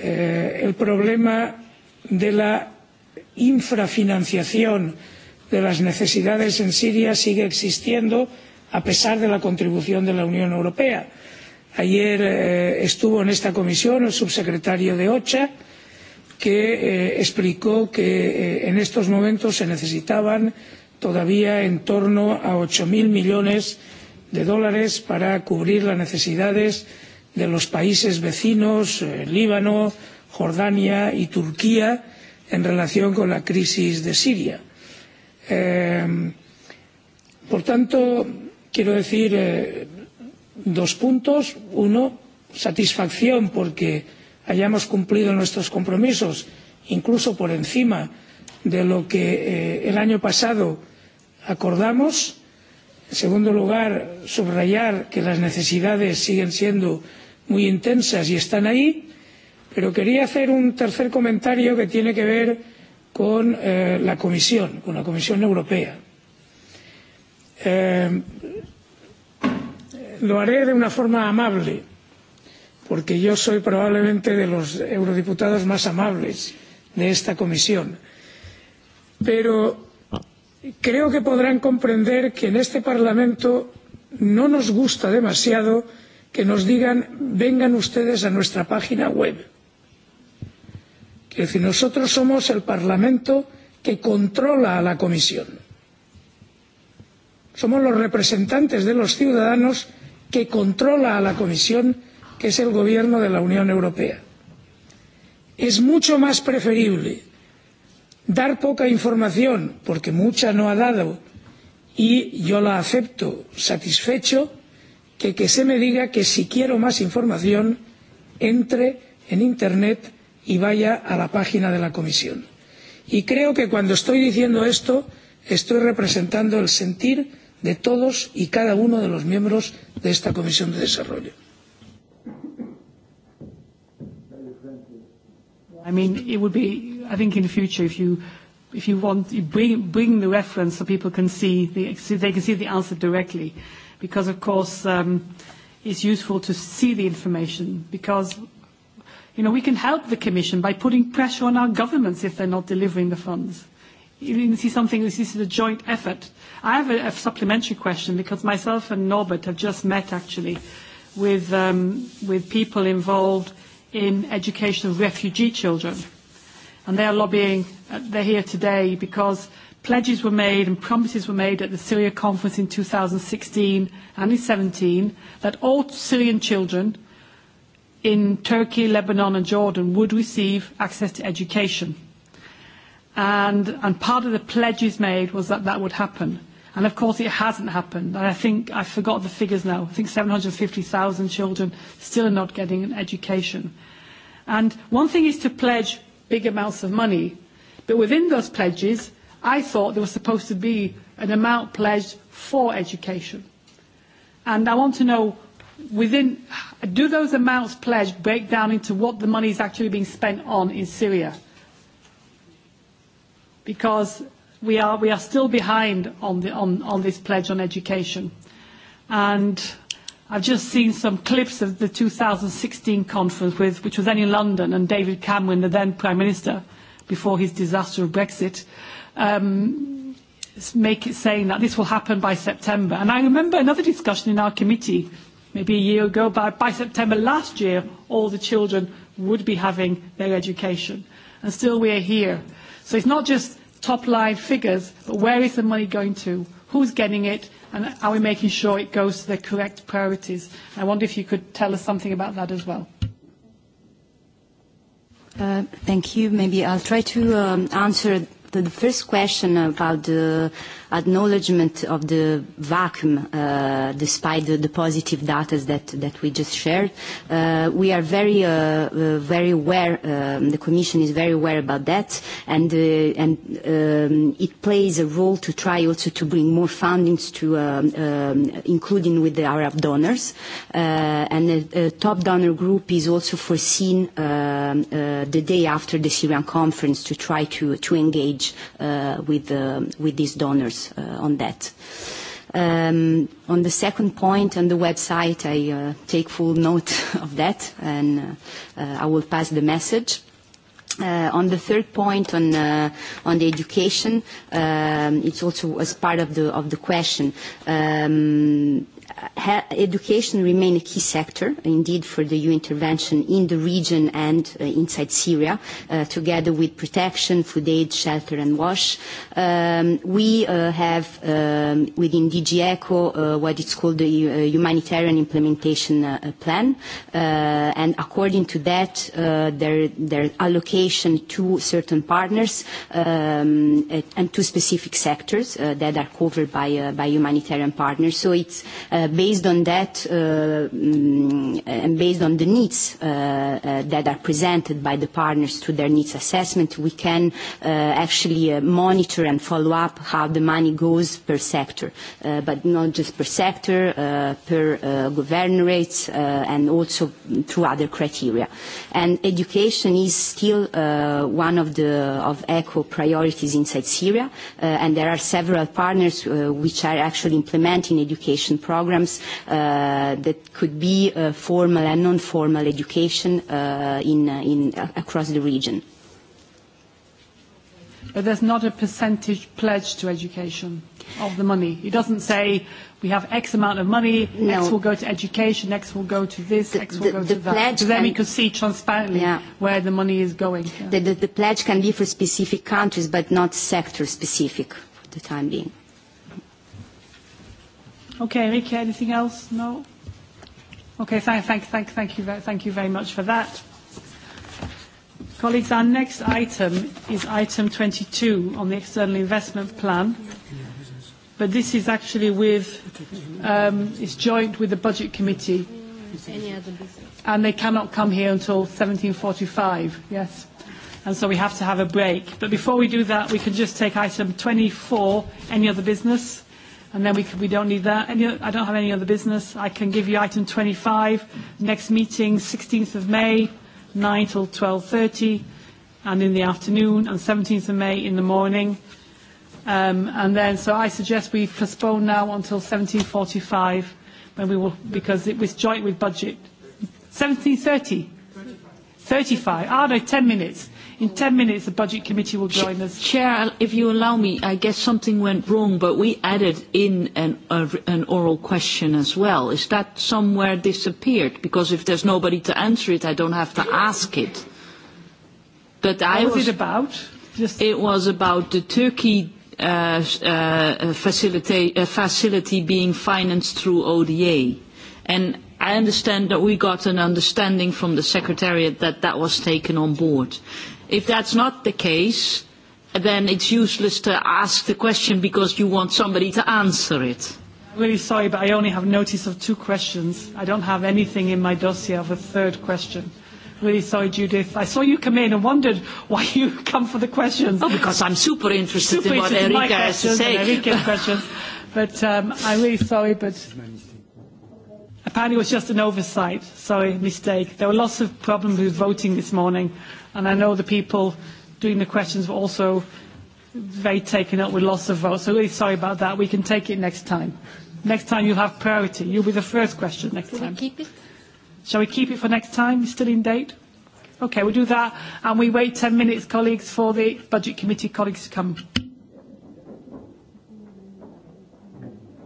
eh, el problema de la infrafinanciación de las necesidades en Siria sigue existiendo a pesar de la contribución de la Unión Europea. Ayer eh, estuvo en esta comisión el subsecretario de OCHA, que eh, explicó que eh, en estos momentos se necesitaban todavía en torno a ocho mil millones de dólares para cubrir las necesidades de los países vecinos, eh, Líbano, Jordania y Turquía, en relación con la crisis de Siria. Eh, por tanto, quiero decir eh, dos puntos. Uno, satisfacción porque hayamos cumplido nuestros compromisos, incluso por encima de lo que eh, el año pasado acordamos. En segundo lugar, subrayar que las necesidades siguen siendo muy intensas y están ahí. Pero quería hacer un tercer comentario que tiene que ver con eh, la Comisión, con la Comisión Europea. Eh, lo haré de una forma amable porque yo soy probablemente de los eurodiputados más amables de esta comisión. Pero creo que podrán comprender que en este Parlamento no nos gusta demasiado que nos digan vengan ustedes a nuestra página web. Quiero decir, nosotros somos el Parlamento que controla a la Comisión. Somos los representantes de los ciudadanos que controla a la Comisión que es el gobierno de la Unión Europea. Es mucho más preferible dar poca información, porque mucha no ha dado, y yo la acepto satisfecho, que, que se me diga que si quiero más información, entre en Internet y vaya a la página de la Comisión. Y creo que cuando estoy diciendo esto, estoy representando el sentir de todos y cada uno de los miembros de esta Comisión de Desarrollo. I mean, it would be, I think in the future, if you, if you want, you bring, bring the reference so people can see, the, so they can see the answer directly. Because, of course, um, it's useful to see the information because, you know, we can help the Commission by putting pressure on our governments if they're not delivering the funds. You can see something, this is a joint effort. I have a, a supplementary question because myself and Norbert have just met, actually, with, um, with people involved – in education of refugee children. And they are lobbying, uh, they're here today because pledges were made and promises were made at the Syria conference in 2016 and in 17 that all Syrian children in Turkey, Lebanon and Jordan would receive access to education. And, and part of the pledges made was that that would happen. And of course it hasn't happened. And I think, I forgot the figures now, I think 750,000 children still are not getting an education. And one thing is to pledge big amounts of money, but within those pledges, I thought there was supposed to be an amount pledged for education. And I want to know within do those amounts pledged break down into what the money is actually being spent on in Syria? Because we are, we are still behind on, the, on, on this pledge on education. And I've just seen some clips of the 2016 conference, with, which was then in London, and David Cameron, the then Prime Minister, before his disaster of Brexit, um, make it saying that this will happen by September. And I remember another discussion in our committee maybe a year ago, by by September last year, all the children would be having their education. And still we are here. So it's not just top line figures, but where is the money going to? Who's getting it? And are we making sure it goes to the correct priorities? I wonder if you could tell us something about that as well. Uh, thank you. Maybe I'll try to um, answer the, the first question about the acknowledgement of the vacuum uh, despite the, the positive data that, that we just shared. Uh, we are very, uh, uh, very aware, um, the Commission is very aware about that and, uh, and um, it plays a role to try also to bring more fundings to um, um, including with the Arab donors uh, and the uh, uh, top donor group is also foreseen uh, uh, the day after the Syrian conference to try to, to engage uh, with, uh, with these donors measures uh, on that. Um, on the second point, on the website, I uh, take full note of that, and uh, uh, I will pass the message. Uh, on the third point on uh, on the education, um, it's also as part of the of the question. Um, education remain a key sector, indeed, for the EU intervention in the region and uh, inside Syria, uh, together with protection, food aid, shelter and wash. Um, we uh, have um, within DG ECHO uh, what it's called the uh, humanitarian implementation uh, plan, uh, and according to that, uh, their, their allocation to certain partners um, and to specific sectors uh, that are covered by, uh, by humanitarian partners. So it's uh, based on that, uh, mm, and based on the needs uh, uh, that are presented by the partners through their needs assessment, we can uh, actually uh, monitor and follow up how the money goes per sector, uh, but not just per sector, uh, per uh, governorates, uh, and also through other criteria. And education is still uh, one of the of ECHO priorities inside Syria, uh, and there are several partners uh, which are actually implementing education programs programs uh, that could be uh, formal and non-formal education uh, in, uh, in, uh, across the region. But there's not a percentage pledge to education of the money. It doesn't say we have X amount of money, no. X will go to education, X will go to this, the, X will the, go the to that. So then we could see transparently yeah. where the money is going. Yeah. The, the, the pledge can be for specific countries, but not sector specific for the time being. Okay, Rika, anything else? No? Okay, thank, thank, thank, thank, you, thank you very much for that. Colleagues, our next item is item 22 on the external investment plan. But this is actually with, um, it's joint with the budget committee. And they cannot come here until 1745, yes. And so we have to have a break. But before we do that, we can just take item 24, any other business? and then we, can, we don't need that. Any, I don't have any other business. I can give you item 25, next meeting, 16th of May, 9 till 12.30, and in the afternoon, and 17th of May in the morning. Um, and then, so I suggest we postpone now until 17.45, when we will, because it was joint with budget. 17.30? 35. Ah, oh, no, 10 minutes. In 10 minutes, the Budget Committee will join us. Chair, if you allow me, I guess something went wrong, but we added in an, uh, an oral question as well. Is that somewhere disappeared? Because if there's nobody to answer it, I don't have to ask it. But What I was, was it about? Just it was about the Turkey uh, uh, uh, facility being financed through ODA. And I understand that we got an understanding from the Secretariat that that was taken on board. If that's not the case, then it's useless to ask the question because you want somebody to answer it. I'm really sorry, but I only have notice of two questions. I don't have anything in my dossier of a third question. Really sorry, Judith. I saw you come in and wondered why you come for the questions. Oh, because I'm super interested super in what interested Erika has to say. Erika's questions. But um, I'm really sorry, but apparently it was just an oversight. Sorry, mistake. There were lots of problems with voting this morning And I know the people doing the questions were also very taken up with loss of votes. So really sorry about that. We can take it next time. Next time you'll have priority. You'll be the first question next Shall time. Shall we keep it? Shall we keep it for next time? You're still in date? Okay, we'll do that. And we wait 10 minutes, colleagues, for the Budget Committee colleagues to come.